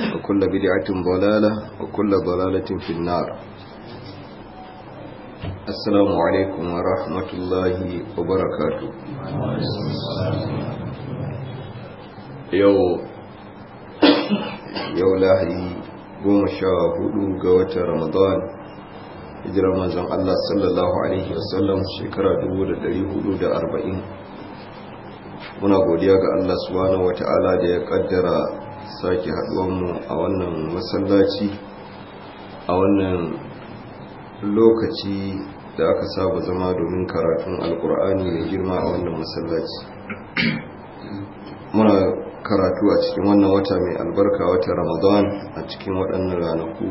وكل بدعة ضلالة وكل ضلالة في النار السلام عليكم ورحمة الله وبركاته يو يو لاهي قوم شاهدوا قوة رمضان الله hijirar manzon Allah sallallahu Alaihi wasallam shekara أربعين muna godiya ga Allah subhanahu wa ta'ala da ya kaddara sake mu a wannan masallaci a wannan lokaci da aka saba zama domin karatun alkur'ani mai girma a wannan masallaci muna karatu a cikin wannan wata mai albarka wata ramadan a cikin waɗannan ranaku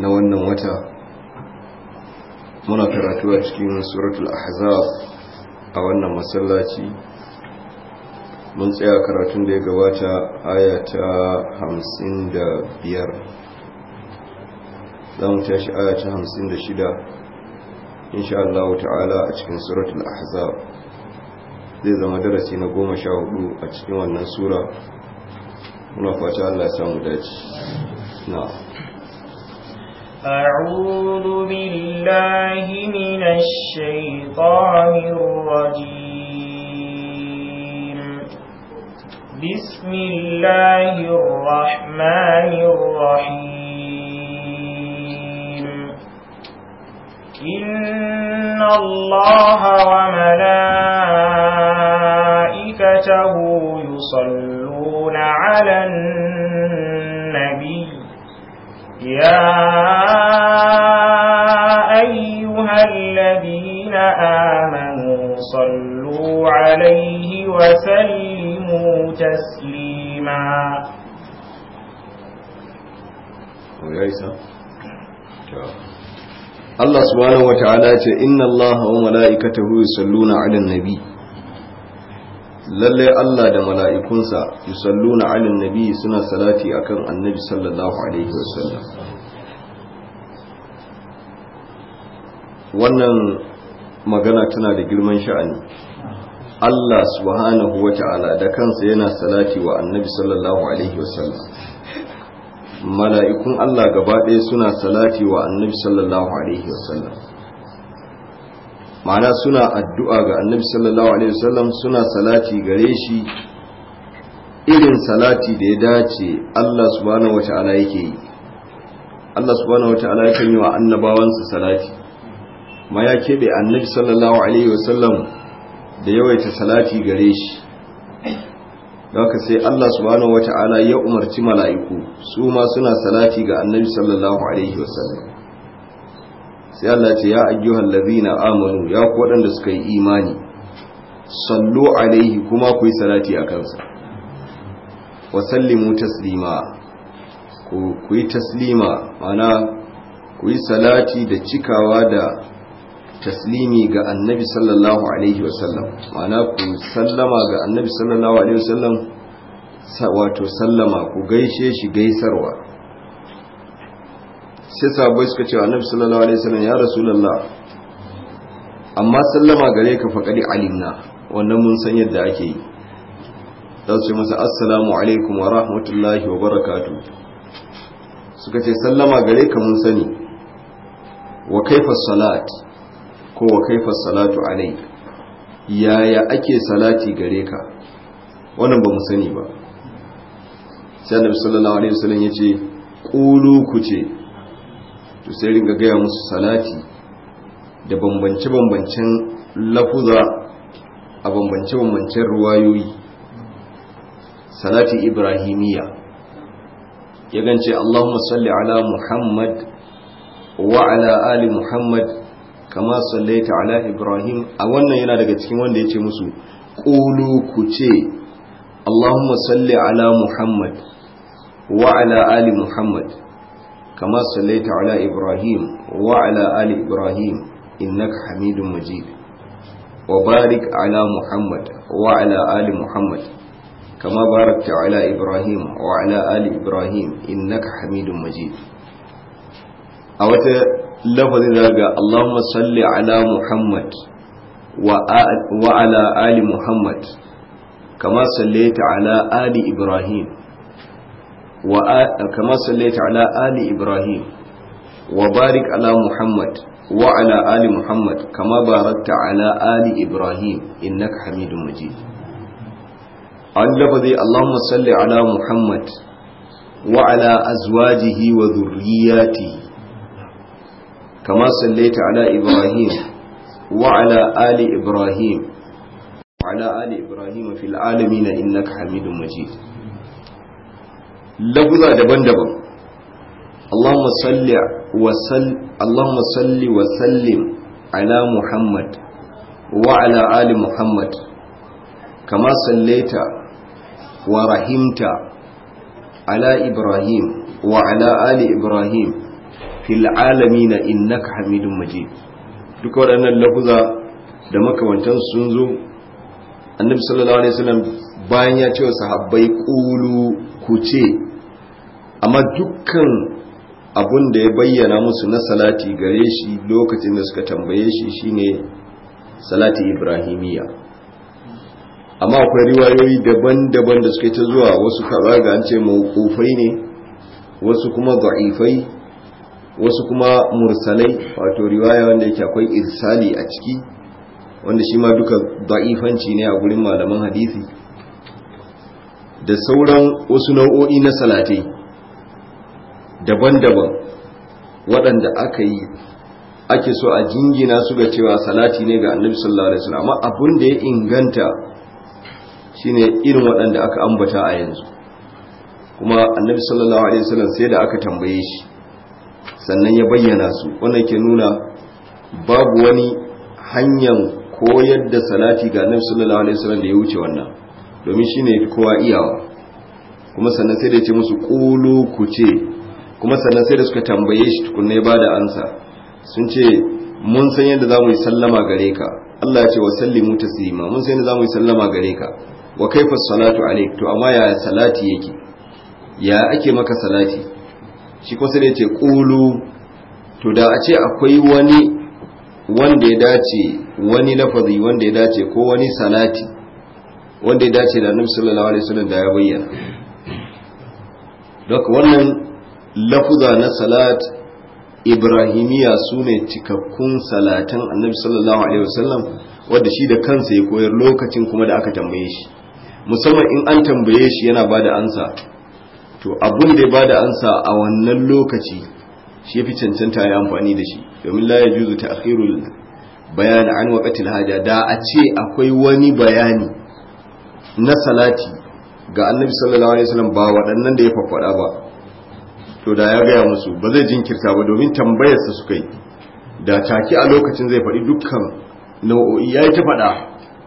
na wannan wata muna karatu a cikin suratul ahzab a wannan masallaci mun tsaya karatun da ya gabata aya ta hamsin da biyar za mu tashi aya ta hamsin da shida insha Allah ta'ala a cikin suratul ahzab zai zama darasi na goma sha hudu a cikin wannan sura muna fata Allah ya samu dace na أعوذ بالله من الشيطان الرجيم بسم الله الرحمن الرحيم إن الله وملائكته يصلون على النبي يا أيها الذين آمنوا صلوا عليه وسلموا تسليما Allah subhanahu wa ta'ala ce inna Allah wa mala'ikatahu yusalluna 'alan nabi Lallai Allah da mala'ikunsa yusalluna 'alan nabi suna salati akan annabi sallallahu alaihi wasallam wannan magana tana da girman sha'ani Allah subhanahu wa ta'ala da kansa yana salati wa annabi sallallahu alaihi wasallam mala'ikun Allah gaba ɗaya suna salati wa annabi sallallahu alaihi wasallam ma'ana suna addu'a ga annabi sallallahu alaihi wasallam suna salati gare shi irin salati da ya dace Allah subhanahu wa ta'ala yake yi Allah subhanahu wa ta'ala yake yi wa annabawansa salati ma ya keɓe annabi sallallahu alaihi wasallam da yawaita salati gare shi ka sai Allah subhanahu wata'ala ya umarci mala'iku su ma suna salati ga annabi sallallahu alaihi wasallam sai Allah ce ya ayyuhal ladina amanu ya ku waɗanda suka yi imani sallu alaihi kuma ku yi salati a kansa wa sallimu taslima ku yi taslima mana ku yi salati da cikawa da taslimi ga annabi sallallahu alaihi wasallam ma'ana ku sallama ga annabi sallallahu alaihi wasallam wato sallama ku gaishe shi gaisarwa sai sabai suka ce annabi sallallahu alaihi wasallam ya rasulullah amma sallama gare ka faqadi alinna wannan mun san yadda ake yi za su ce masa assalamu alaikum wa rahmatullahi wa barakatu suka ce sallama gare ka mun sani wa kaifa salat ko wa kaifa salatu alai yaya ake salati gare ka wannan ba mu sani ba sai annabi sallallahu alaihi wasallam ce, ƙulu ku ce to sai ringa gaya musu salati da bambance bambancen lafuza a bambance bambancen ruwayoyi salati ibrahimiyya ya gance allahumma salli ala muhammad wa ala ali muhammad kama sallaita ala ibrahim a wannan yana daga cikin wanda ya ce musu ƙulu ku ce allahumma salli ala muhammad wa ala ali muhammad kama sallaita ala ibrahim wa ala ali ibrahim innaka hamidun majid wa barik ala muhammad wa ala ali muhammad kama barakta ala ibrahim wa ala ali ibrahim innaka hamidun majid a wata lafazin daga Allahumma salli ala Muhammad wa ala ali Muhammad kama sallaita ala ali Ibrahim kama sallaita ala ali Ibrahim wa barik ala Muhammad wa ala ali Muhammad kama barakta ala ali Ibrahim innaka Hamidum Majid an lafazi Allahumma salli ala Muhammad wa ala azwajihi wa dhurriyyatihi كما صليت على إبراهيم وعلى آل إبراهيم وعلى آل إبراهيم في العالمين إنك حميد مجيد لفظة دبن دبن اللهم صل وسل اللهم صل وسلم على محمد وعلى آل محمد كما صليت ورحمت على إبراهيم وعلى آل إبراهيم في العالمين إنك حميد مجيد duk waɗannan lafuza da makamantan sun zo annabi sallallahu alaihi wasallam bayan ya ce wa sahabbai qulu ku ce amma dukkan abun da ya bayyana musu na salati gare shi lokacin da suka tambaye shi shine salati ibrahimiyya amma akwai riwayoyi daban-daban da suka ta zuwa wasu kaza ga an ce mawqufai ne wasu kuma da'ifai wasu kuma mursalai wato riwaya wanda yake akwai irsali a ciki wanda shi ma duka da'ifanci ne a gurin malaman hadisi da sauran wasu nau'o'i na salatai daban-daban waɗanda aka yi ake so a jingina su ga cewa salati ne ga annabi sallallahu alaihi wasallam amma abin da ya inganta shine irin waɗanda aka ambata a yanzu kuma annabi sallallahu alaihi wasallam sai da aka tambaye shi sannan ya bayyana su wannan ke nuna babu wani hanyar koyar da salati ga nan sallallahu alaihi wasallam da ya wuce wannan domin shine yafi kowa iyawa kuma sannan sai da ya ce musu qulu ku ce kuma sannan sai da suka tambaye shi tukunne ba da ansa sun ce mun san yadda zamu yi sallama gare ka Allah ya ce wa sallimu taslima mun san yadda zamu yi sallama gare ka wa kaifa salatu alaik to amma ya salati yake ya ake maka salati shi kuma sai ce ƙulu to da a ce akwai wani wanda ya dace wani lafazi wanda ya dace ko wani salati wanda ya dace da annabi sallallahu alaihi wasallam da ya bayyana duk wannan lafuza na salat ibrahimiya su ne cikakkun salatan annabi sallallahu alaihi wasallam wanda shi da kansa ya koyar lokacin kuma da aka tambaye shi musamman in an tambaye shi yana bada ansa to abun da ya ba da ansa a wannan lokaci shi yafi cancanta ya amfani da shi domin la yajuzu ta'khirul bayan an waqtil haja da a ce akwai wani bayani na salati ga annabi sallallahu alaihi wasallam ba waɗannan da ya faffada ba to da ya gaya musu ba zai jinkirta ba domin tambayarsa suka yi da take a lokacin zai faɗi dukkan nau'o'i ya yi ta faɗa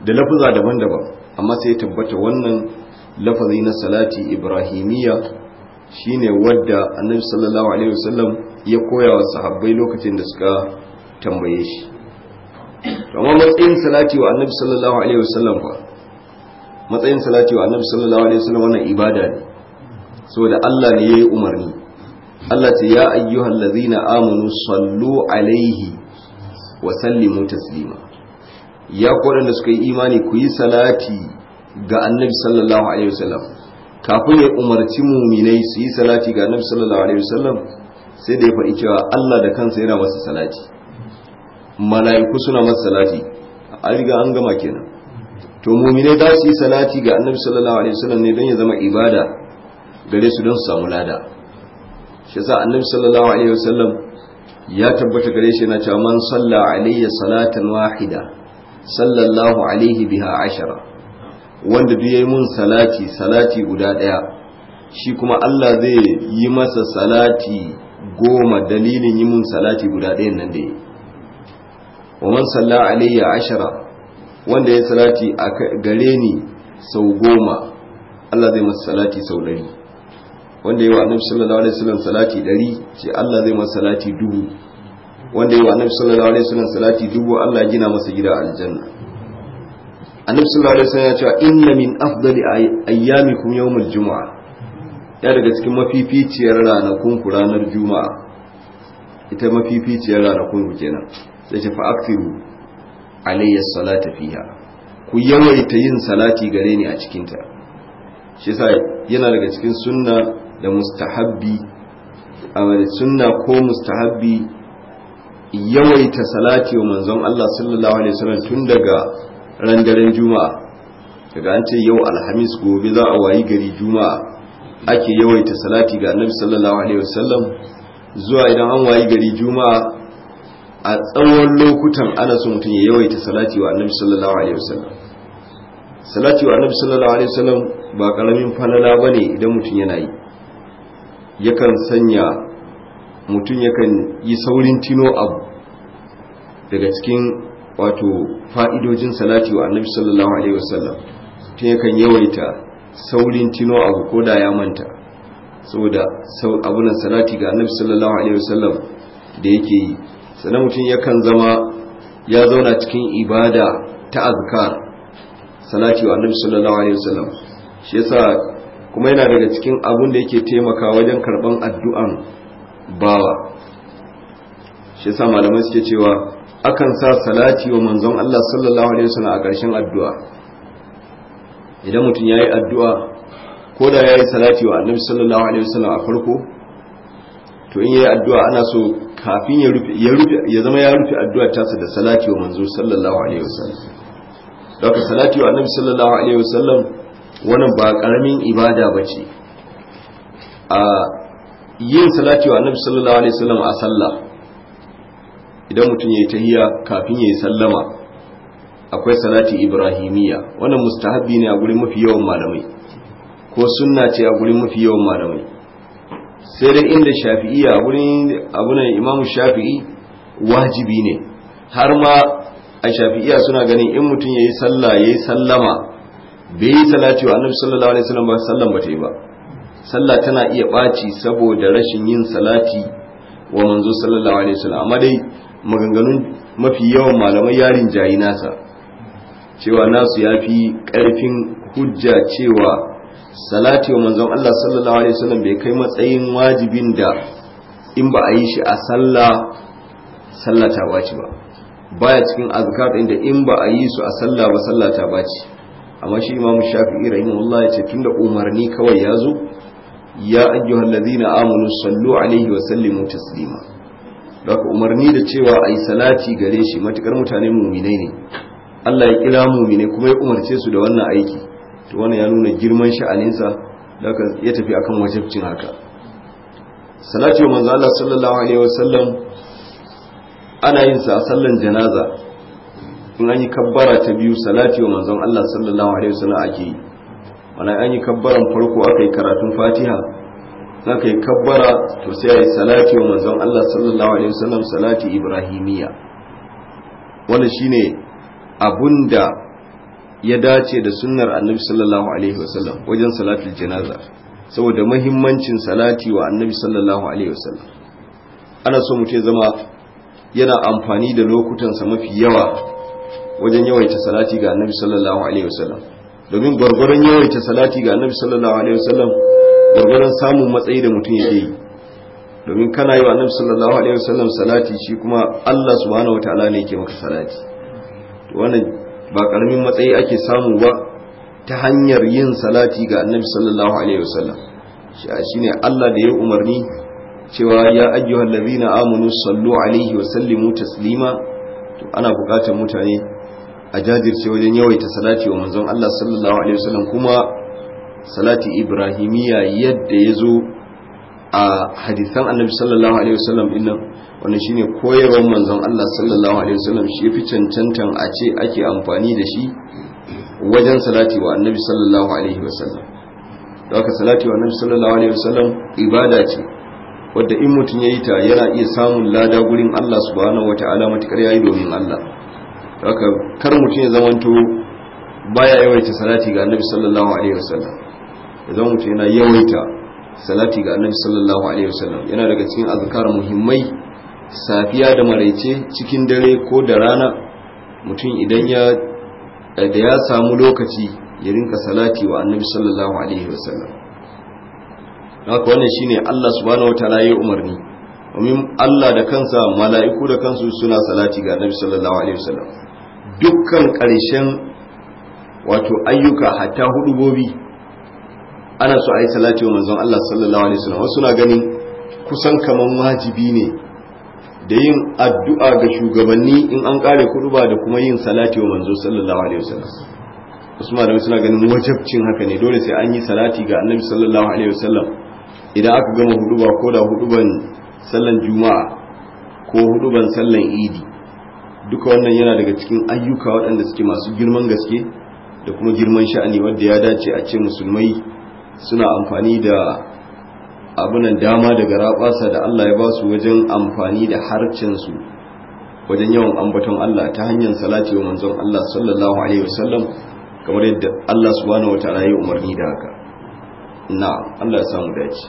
da lafuza daban-daban amma sai ya tabbata wannan lafazi na salati ibrahimiyya shine wadda annabi sallallahu alaihi wasallam ya koya wa sahabbai lokacin da suka tambaye shi to amma matsayin salati wa annabi sallallahu alaihi wasallam fa matsayin salati wa annabi sallallahu alaihi wasallam wannan ibada ne saboda Allah ne yayi umarni Allah ce ya ladzina amanu sallu alaihi wa sallimu taslima ya ku da suka yi imani ku yi salati ga annabi sallallahu alaihi wasallam kafin ya umarci muminai su yi salati ga annabi sallallahu alaihi wasallam sai da ya faɗi cewa Allah da kansa yana masa salati mala'iku suna masa salati a riga an gama kenan to muminai za su yi salati ga annabi sallallahu alaihi wasallam ne don ya zama ibada gare su don su samu lada shi yasa annabi sallallahu alaihi wasallam ya tabbata gare shi yana cewa man salla alayya salatan wahida sallallahu alaihi biha ashara wanda duk yayi mun salati salati guda daya shi kuma Allah zai yi masa salati goma dalilin yi mun salati guda ɗaya nan da yi wa man salla alayya ashara wanda ya salati a gare ni sau goma Allah zai masa salati sau ɗari wanda yi wa annabi sallallahu alaihi wasallam salati ɗari ce Allah zai masa salati dubu wanda yi wa annabi sallallahu alaihi wasallam salati dubu Allah gina masa gida aljanna annabi sallallahu alaihi wasallam ya ce inna min afdali ayyamikum yawmul jumu'a ya daga cikin mafificiyar ranakun ku ranar juma'a ita mafificiyar ranakun ku kenan sai ce fa aktiru alayya salata fiha ku yawaita yin salati gare ni a cikin ta shi yasa yana daga cikin sunna da mustahabbi amal sunna ko mustahabbi yawaita salati wa manzon Allah sallallahu alaihi wasallam tun daga ran daren juma'a daga an ce yau alhamis gobe za a wayi gari juma'a ake yawaita salati ga annabi sallallahu alaihi wasallam zuwa idan an wayi gari juma'a a tsawon lokutan ana so mutum ya yawaita salati wa annabi sallallahu alaihi wasallam salati wa annabi sallallahu alaihi wasallam ba karamin falala bane idan mutum yana yi yakan sanya mutum yakan yi saurin tino abu daga cikin wato fa'idojin salati wa annabi sallallahu alaihi wasallam tun yakan yawaita saurin tino abu ko da ya manta saboda abunan salati ga annabi sallallahu alaihi wasallam da yake yi sannan mutum yakan zama ya zauna cikin ibada ta azkar salati wa annabi sallallahu alaihi wasallam shi yasa kuma yana daga cikin abun da yake taimaka wajen karban addu'an bawa shi yasa malamai suke cewa akan sa salati wa manzon Allah sallallahu alaihi wasallam a ƙarshen addu'a idan mutum yayi addu'a ko da yayi salati wa annabi sallallahu alaihi wasallam a farko to in yayi addu'a ana so kafin ya rufe ya rufe ya zama ya rufe addu'a ta sa da salati wa manzo sallallahu alaihi wasallam daga salati wa annabi sallallahu alaihi wasallam wannan ba karamin ibada bace a yin salati wa annabi sallallahu alaihi wasallam a sallah idan mutum ya yi tahiya kafin ya yi sallama akwai salati ibrahimiyya wannan mustahabbi ne a gurin mafi yawan malamai ko sunna ce a gurin mafi yawan malamai sai dai inda shafi'i a gurin abunan imamu shafi'i wajibi ne har ma a shafi'iya suna ganin in mutum ya yi sallah ya yi sallama bai yi salati wa annabi sallallahu alaihi wasallam ba sallan ba ta yi ba sallah tana iya ɓaci saboda rashin yin salati wa manzo sallallahu alaihi wasallam amma dai maganganun mafi yawan malamai yarin jayi nasa cewa nasu ya fi ƙarfin hujja cewa salati wa manzon Allah sallallahu alaihi wasallam bai kai matsayin wajibin da in ba a yi shi a sallah sallah ta baci ba baya cikin azkar din da in ba a yi su a sallah ba sallah ta baci amma shi imamu shafi'i rahimahullah ya ce tunda umarni kawai ya zo ya ayyuhallazina amanu sallu alaihi wa sallimu taslima daga umarni da cewa a yi salati gare shi matukar mutane muminai ne Allah ya kira muminai kuma ya umarce su da wannan aiki to wannan ya nuna girman sha'aninsa daga ya tafi akan wajabcin haka salati wa manzo Allah sallallahu alaihi sallam ana yin sa a sallan janaza in an yi kabbara ta biyu salati wa manzo Allah sallallahu alaihi sallam ake yi wannan an yi kabbaran farko aka yi karatun Fatiha za ka yi kabbara to sai ya yi salati wa manzon Allah sallallahu alaihi wasallam salati ibrahimiya wannan shine abun da ya dace da sunnar annabi sallallahu alaihi wasallam wajen salatul janaza saboda mahimmancin salati wa annabi sallallahu alaihi wasallam ana so mutum zama yana amfani da lokutansa mafi yawa wajen yawaita salati ga annabi sallallahu alaihi wasallam domin gwargwaron yawaita salati ga annabi sallallahu alaihi wasallam gurgurin samun matsayi da mutum yake yi domin kana yi wa annabi sallallahu alaihi wasallam salati shi kuma Allah subhanahu wataala ne yake maka salati to wannan ba karamin matsayi ake samu ba ta hanyar yin salati ga annabi sallallahu alaihi wasallam shi shine Allah da ya umarni cewa ya ayyuhal ladina amanu sallu alaihi wa sallimu taslima to ana buƙatar mutane a jajirce wajen yawaita salati wa manzon Allah sallallahu alaihi wasallam kuma salati ibrahimiyya yadda ya zo a hadithan annabi sallallahu alaihi wasallam din nan wannan shine koyarwar manzon Allah sallallahu alaihi wasallam shi fi cancantan a ce ake amfani da shi wajen salati wa annabi sallallahu alaihi wasallam don haka salati wa annabi sallallahu alaihi wasallam ibada ce wadda in mutum ya yi ta yana iya samun lada gurin Allah subhanahu wata'ala matukar yayi domin Allah don haka kar mutum ya zamanto baya yawaita salati ga annabi sallallahu alaihi wasallam zama mutum yana yawaita salati ga annabi sallallahu alaihi wasallam yana daga cikin azkar muhimmai safiya da maraice cikin dare ko da rana mutum idan ya da ya samu lokaci ya rinka salati wa annabi sallallahu alaihi wasallam haka wannan shine Allah subhanahu wataala ya umarni domin Allah da kansa mala'iku da kansu suna salati ga annabi sallallahu alaihi wasallam dukkan ƙarshen wato ayyuka hatta gobi ana so a yi salati wa manzon Allah sallallahu alaihi wasallam wasu na ganin kusan kaman wajibi ne da yin addu'a ga shugabanni in an kare ba da kuma yin salati wa manzon sallallahu alaihi wasallam wasu malamai suna ganin wajabcin haka ne dole sai an yi salati ga annabi sallallahu alaihi wasallam idan aka gama ba ko da ban sallan juma'a ko ban sallan idi duka wannan yana daga cikin ayyuka waɗanda suke masu girman gaske da kuma girman sha'ani wadda ya dace a ce musulmai suna amfani da abunan dama daga rabasa da Allah ya ba su wajen amfani da harcinsu wajen yawan ambaton Allah ta hanyar salati wa manzon Allah sallallahu alaihi wasallam kamar yadda Allah subhanahu wa ta'ala ya umarni da haka na Allah ya samu dace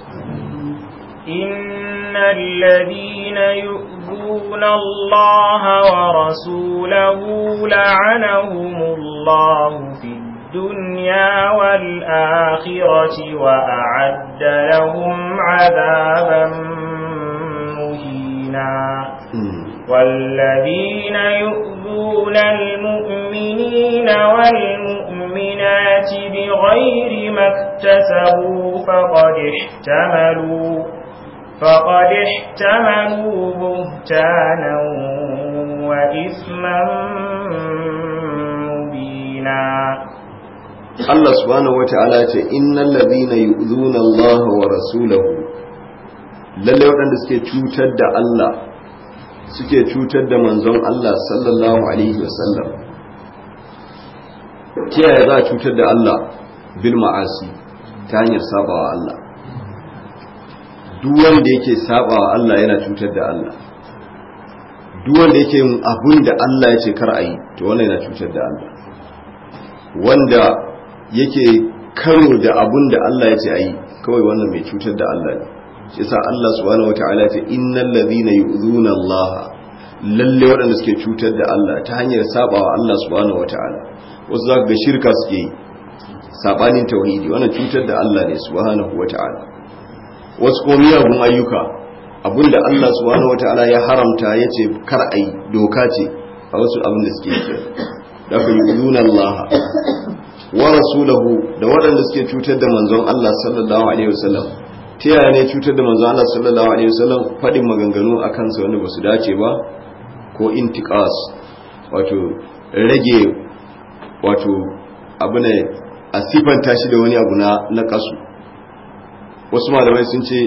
إن الذين يؤذون الله wa لعنهم الله fi الدنيا والآخرة وأعد لهم عذابا مهينا والذين يؤذون المؤمنين والمؤمنات بغير ما اكتسبوا فقد احتملوا فقد احتملوا بهتانا وإثما مبينا Allah subhanahu wata'ala ce innal ladhina yu'dhuna Allah wa rasulahu lalle waɗanda suke cutar da Allah suke cutar da manzon Allah sallallahu alaihi wa wasallam ya za cutar da Allah bil ma'asi ta hanyar sabawa Allah duk wanda yake sabawa Allah yana cutar da Allah duk wanda yake yin abun da Allah ya ce kar a yi to wannan yana cutar da Allah wanda yake karo da abun da Allah ya ce a yi kawai wannan mai cutar da Allah ne shi sa Allah subhanahu wataala ya ce innal ladina yu'zuna Allah lalle waɗanda suke cutar da Allah ta hanyar sabawa Allah subhanahu wataala wasu zaka ga shirka suke yi sabanin tauhidi wannan cutar da Allah ne subhanahu wataala wasu ko miyagun ayyuka abun da Allah subhanahu wataala ya haramta ya ce kar ai doka ce a wasu abin da suke yi da kuma yu'zuna Allah wa rasulahu da waɗanda suke cutar da manzon Allah sallallahu alaihi wasallam ta yaya ne cutar da manzon Allah sallallahu alaihi wasallam faɗin maganganu a kansa wanda ba su dace ba ko intiqas wato rage wato abu ne a sifanta shi da wani abu na na kasu wasu malamai sun ce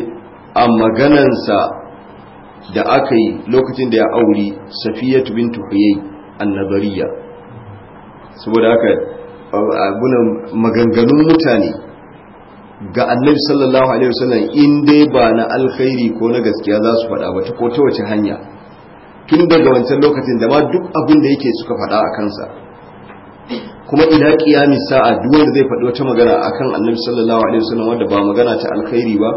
a maganansa da aka yi lokacin da ya auri safiyatu bintu huyay annabariya saboda haka maganganun mutane ga annabi sallallahu alaihi wasallam in dai ba na alkhairi ko na gaskiya za su faɗa ba ko ta wace hanya tun daga wancan lokacin da ma duk abin da yake suka faɗa a kansa kuma ina kiyami sa'a duk wanda zai faɗi wata magana akan annabi sallallahu alaihi wasallam wanda ba magana ta alkhairi ba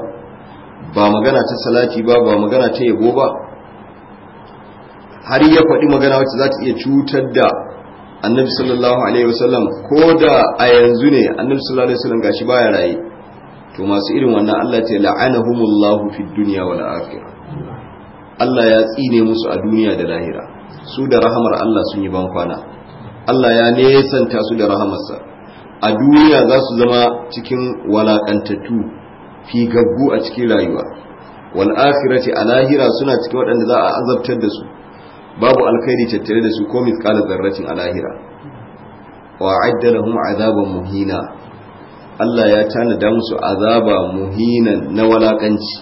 ba magana ta salati ba ba magana ta yabo ba har ya faɗi magana wacce za ta iya cutar da annabi sallallahu alaihi wasallam ko da a yanzu ne annabi sallallahu alaihi wasallam gashi baya raye to masu irin wannan Allah ta la'anahumullahu fid dunya wal akhirah Allah ya tsine musu a duniya da lahira su da rahamar Allah sun yi ban Allah ya nesanta su da rahamarsa a duniya za su zama cikin walakantattu fi gaggu a cikin rayuwa wal akhirati a lahira suna cikin waɗanda za a azabtar da su babu alkhairi tattare da su ko mithqala zarracin alahira. lahira wa a'adda azaban muhina Allah ya tanada musu azaba muhinan na walakanci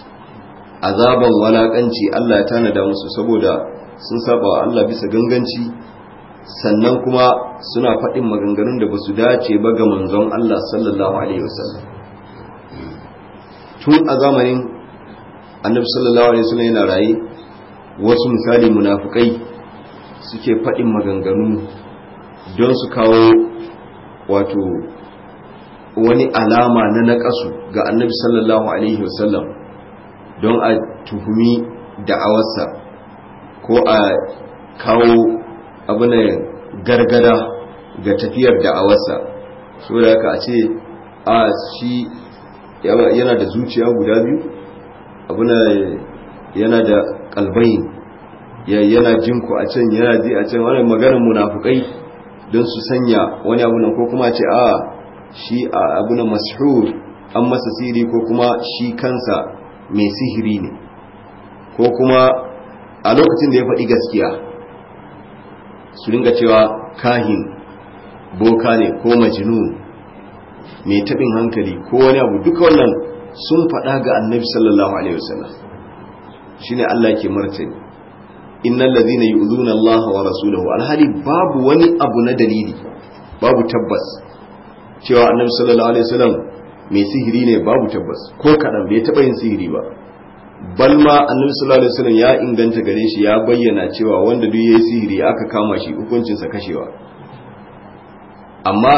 azaban walakanci Allah ya tanada musu saboda sun saba Allah bisa ganganci sannan kuma suna faɗin maganganun da basu dace ba ga manzon Allah sallallahu alaihi wasallam tun a zamanin annabi sallallahu alaihi wasallam yana raye wasu misali munafukai suke faɗin maganganu don su kawo wato wani alama na naƙasu ga annabi sallallahu alaihi wasallam don a tuhumi da'awarsa ko a kawo abin gargada ga tafiyar da'awarsa so da aka a ce a shi yana da zuciya guda biyu abin yana da kalbai yana jinku a can yana ji a can wani maganin munafukai don su sanya wani abu ko kuma ce a shi a abu na mashhur an masa sihiri ko kuma shi kansa mai sihiri ne ko kuma a lokacin da ya faɗi gaskiya su dinga cewa kahin boka ne ko majinu mai taɓin hankali ko wani abu duka wannan sun faɗa ga annabi sallallahu alaihi wasallam shine Allah ke martani innal ladhina yu'dhuna Allah wa rasulahu alhali babu wani abu na dalili babu tabbas cewa annabi sallallahu alaihi wasallam mai sihiri ne babu tabbas ko kadan bai taba yin sihiri ba bal ma annabi sallallahu alaihi wasallam ya inganta gare shi ya bayyana cewa wanda duk ya yi sihiri aka kama shi hukuncinsa kashewa amma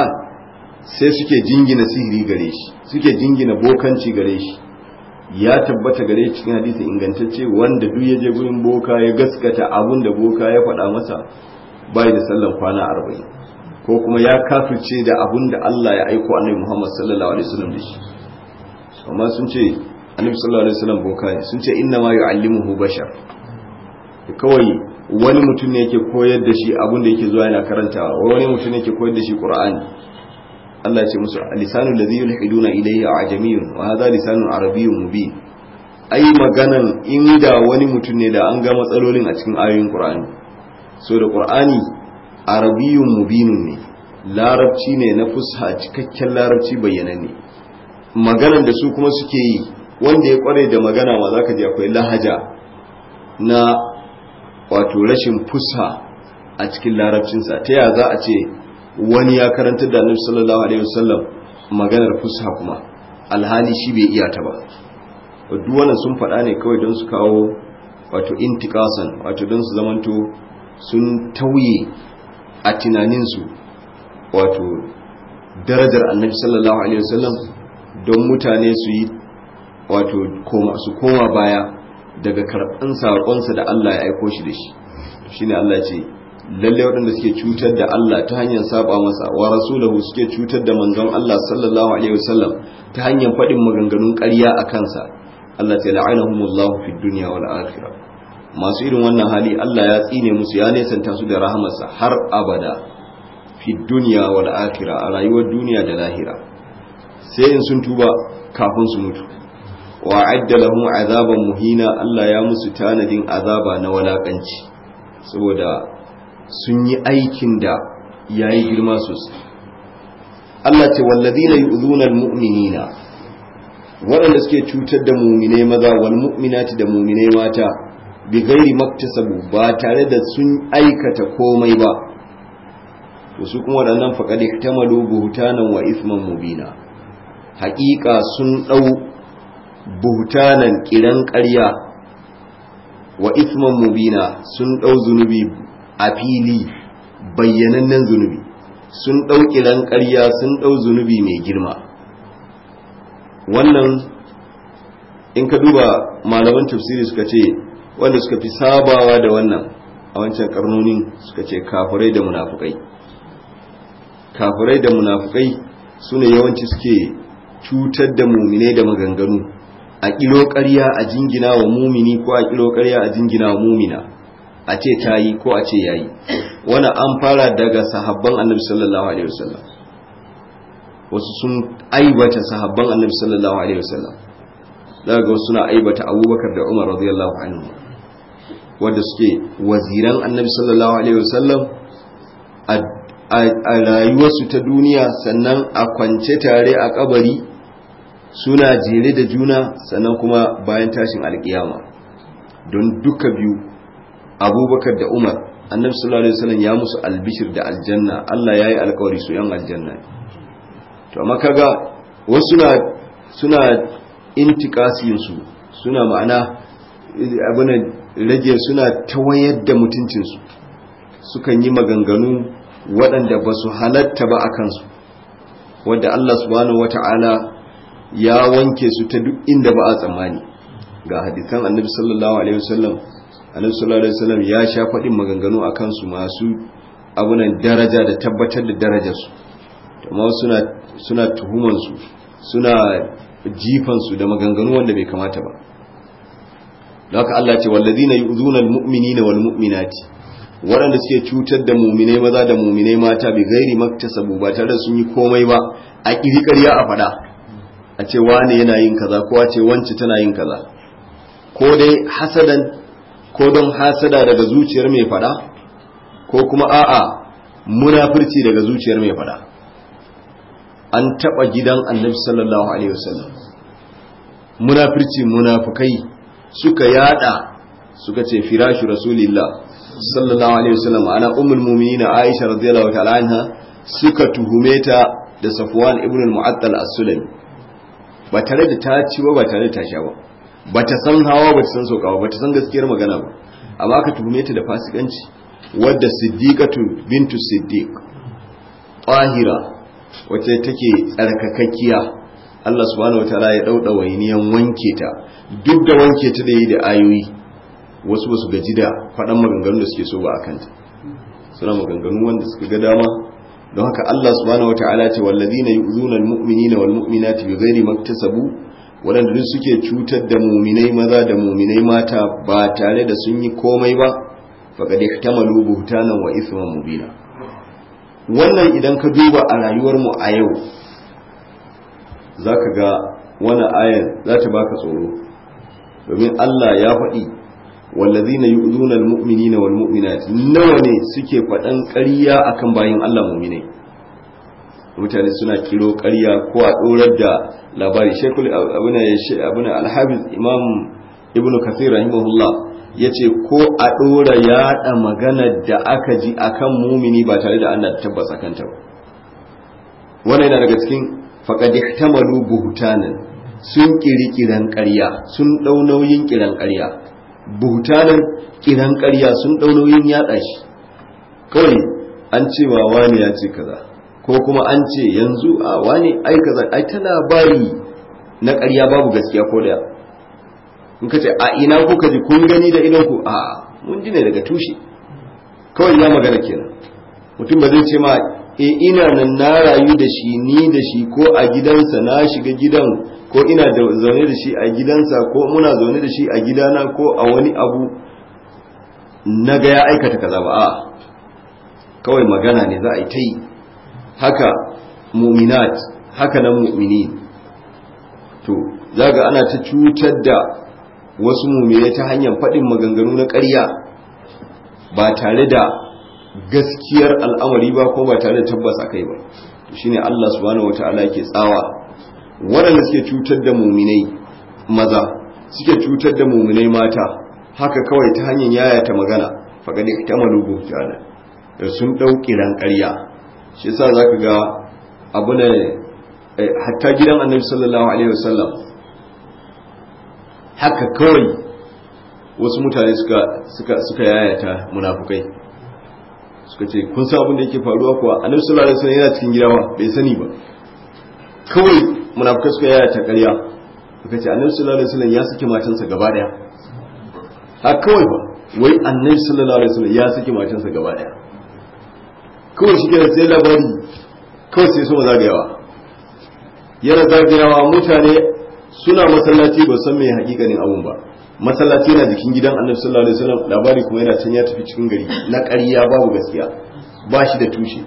sai suke jingina sihiri gare shi suke jingina bokanci gare shi ya tabbata gare cikin hadisi ingantacce wanda duk ya je gurin boka ya gaskata abun da boka ya faɗa masa bai da sallan kwana arba'in ko kuma ya kafirce da abun da Allah ya aiko annabi Muhammad sallallahu alaihi wasallam da shi amma sun ce annabi sallallahu alaihi wasallam boka ne sun ce inna ma yu'allimuhu bashar kawai wani mutum ne yake koyar da shi abun da yake zuwa yana karantawa wani mutum ne yake koyar da shi qur'ani Allah ya ce musu lisanul ladhi yulhiduna ilayhi ajamiyun wa hadha lisanun arabiyyun mubin ai maganan inda wani mutum ne da an ga matsalolin a cikin ayoyin Qur'ani so da Qur'ani arabiyyun mubinun ne larabci ne na fusha cikakken larabci ne. maganan da su kuma suke yi wanda ya kware da magana ma zaka ji akwai lahaja na wato rashin fusha a cikin larabcinsa ta ya za a ce wani ya karanta da annabi sallallahu alaihi wasallam maganar fusa kuma alhali shi bai iya ta ba duk wannan sun faɗa ne kawai don su kawo wato intikasan wato don su zamanto sun tauye a tunaninsu wato darajar annabi sallallahu alaihi wasallam don mutane su yi wato su koma baya daga karɓan saƙonsa da Allah ya aiko shi da shi shine Allah ya ce Lallai waɗanda suke cutar da Allah ta hanyar saba masa wa rasulahu suke cutar da manzon Allah sallallahu alaihi wasallam ta hanyar faɗin maganganun ƙarya a kansa Allah ta la'anahumullahu fid dunya wal akhirah masu irin wannan hali Allah ya tsine musu ya nesanta su da rahamarsa har abada fi dunya wal akhirah a rayuwar duniya da lahira sai in sun tuba kafin su mutu wa adda lahum azaban muhina Allah ya musu tanadin azaba na walakanci saboda sun yi aikin da ya yi girma sosai Allah ce yi yu'zuna muminina waɗanda suke cutar da muminai maza Wani mu'minati da muminai mata bi gairi maktasabu ba tare da sun aikata komai ba to su kuma waɗannan faqad ihtamalu buhutanan wa isman mubina haƙiƙa sun ɗau buhutanan kiran ƙarya wa isman mubina sun ɗau zunubi a fili bayyanannen zunubi sun ɗauki ran ƙarya sun ɗau zunubi mai girma wannan in ka duba malaman tafsiri suka ce wanda suka fi sabawa da wannan a wancan karnonin suka ce kafirai da munafukai kafirai da munafukai su ne yawanci suke cutar da mumine da maganganu a ƙiro ƙarya a jingina wa mumini ko a ƙiro ƙarya a jingina wa mumina a ce ta yi ko a ce ya yi wani an fara daga sahabban annabi sallallahu alaihi wasallam wasu sun aibata sahabban annabi sallallahu alaihi wasallam daga wasu suna aibata abubakar da umar radiyallahu anhu wanda suke waziran annabi sallallahu alaihi wasallam a rayuwarsu ta duniya sannan a kwance tare a kabari suna jere da juna sannan kuma bayan tashin alkiyama don duka biyu abubakar da umar annabi sallallahu alaihi wasallam ya musu albishir da aljanna Allah ya yi alkawari su yan aljanna to amma kaga wasu na suna intikasiyin su suna ma'ana abin rage suna tawayar da mutuncinsu sukan yi maganganu waɗanda ba su halatta ba a kansu wadda Allah subhanahu wata'ala ya wanke su ta duk inda ba a tsammani ga hadisan annabi sallallahu alaihi wasallam annabi sallallahu alaihi wasallam ya sha faɗin maganganu a kansu masu abunan daraja da tabbatar da darajarsu amma suna suna tuhumansu suna jifansu da maganganu wanda bai kamata ba don haka Allah ce wallazina yu'zuna almu'minina wal mu'minati waɗanda suke cutar da muminai maza da muminai mata bi gairi maktasabu ba tare da sun yi komai ba a kiri ƙarya a faɗa a ce wane yana yin kaza ko a ce wance tana yin kaza ko dai hasadan ko don hasada daga zuciyar mai fada ko kuma a'a munafurci daga zuciyar mai fada an taba gidan annabi sallallahu alaihi wasallam munafurci munafukai suka yada suka ce firashu rasulillah sallallahu alaihi wasallam ana ummul mu'minin aisha radhiyallahu ta'ala anha suka tuhume ta da safwan ibn al-mu'attal as-sulami ba tare da ta ci ba ba tare da ta sha ba ba ta san hawa ba ta san saukawa ba ta san gaskiyar magana ba amma aka tuhume ta da fasikanci wadda siddiqatu bintu siddiq tahira wacce take tsarkakakkiya Allah subhanahu wataala ya dauda wainiyan wanke ta duk da wanke ta da yi da ayoyi wasu basu gaji da faɗan maganganun da suke so ba akan ta suna maganganu wanda suka ga dama don haka Allah subhanahu wataala ce wallazina yu'zuna almu'minina walmu'minati bighairi maktasabu waɗanda duk suke cutar da muminai maza da muminai mata ba tare da sun yi komai ba ta ihtamalu hutanen wa isman mubina wannan idan ka duba a rayuwar mu a yau zaka ga wannan ayar za ta baka tsoro domin Allah ya faɗi wallazina yu'zuna almu'minina walmu'minat nawa ne suke faɗan ƙarya akan bayan Allah muminai mutane suna kiro ƙarya ko a ɗorar da labari shekul abuna alhabiz imam ibnu kathir rahimahullah ya ce ko a ɗora yaɗa magana da aka ji akan mumini ba tare da ana tabbasa kanta ba wannan yana daga cikin faƙaɗi tamalu buhutanin sun ƙiri ƙiran ƙarya sun ɗau ƙiran ƙarya buhutanin ƙiran ƙarya sun ɗau nauyin yaɗa shi kawai an cewa wani ya ce kaza ko kuma an ce yanzu a wani ai ai tana bayi na ƙarya babu gaskiya ko da in ka ce a ina ko ka ji kun gani da idan ku a mun ji ne daga tushe kawai ya magana kenan mutum ba zai ce ma e ina nan na rayu da shi ni da shi ko a gidansa na shiga gidan ko ina zaune da shi a gidansa ko muna zaune da shi a gidana ko a wani abu na ga ya aikata kaza ba a kawai magana ne za a yi ta yi haka mu'minat haka nan mu'mini to zaga ana ta cutar da wasu mu'mine ta hanyar faɗin maganganu na ƙarya ba tare da gaskiyar al'amari ba ko ba tare da tabbas a kai ba shine Allah subhanahu wataala yake tsawa waɗanda suke cutar da mu'minai maza suke cutar da mu'minai mata haka kawai ta hanyar yayata magana faƙaɗe ta malubu jana sun ɗauki ran ƙarya shi yasa ka ga abu ne eh, hatta gidan annabi sallallahu alaihi wasallam haka kawai wasu mutane suka yayata munafukai suka ce kun san abin da yake faruwa kuwa annabi sallallahu alaihi wasallam yana cikin gida ba bai sani ba kawai munafukai suka yayata ƙarya suka ce annabi sallallahu alaihi wasallam ya saki matansa gaba daya ha kawai ba wai annabi sallallahu alaihi wasallam ya saki matansa gaba daya kawai shi kira sai labari kawai sai so zagayawa yana zagayawa mutane suna masallaci ba san mai hakikanin abun ba masallaci yana jikin gidan annabi sallallahu alaihi wasallam labari kuma yana can ya tafi cikin gari na ƙarya babu gaskiya ba shi da tushe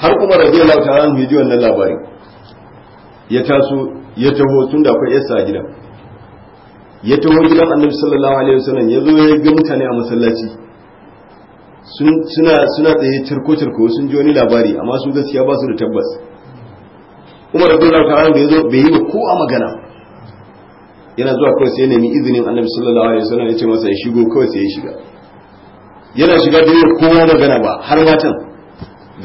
har kuma radiyallahu ta'ala anhu ji wannan labari ya taso ya taho tun da akwai yasa gidan ya taho gidan annabi sallallahu alaihi wasallam ya zo ya ga mutane a masallaci suna suna tsaye cirko cirko sun ji wani labari amma su gaskiya ba su da tabbas umar ibn al-khattab da yazo bai yi ba ko a magana yana zuwa kawai sai nemi izinin annabi sallallahu alaihi wasallam ya ce masa ya shigo kawai sai ya shiga yana shiga da yau kowa magana ba har matan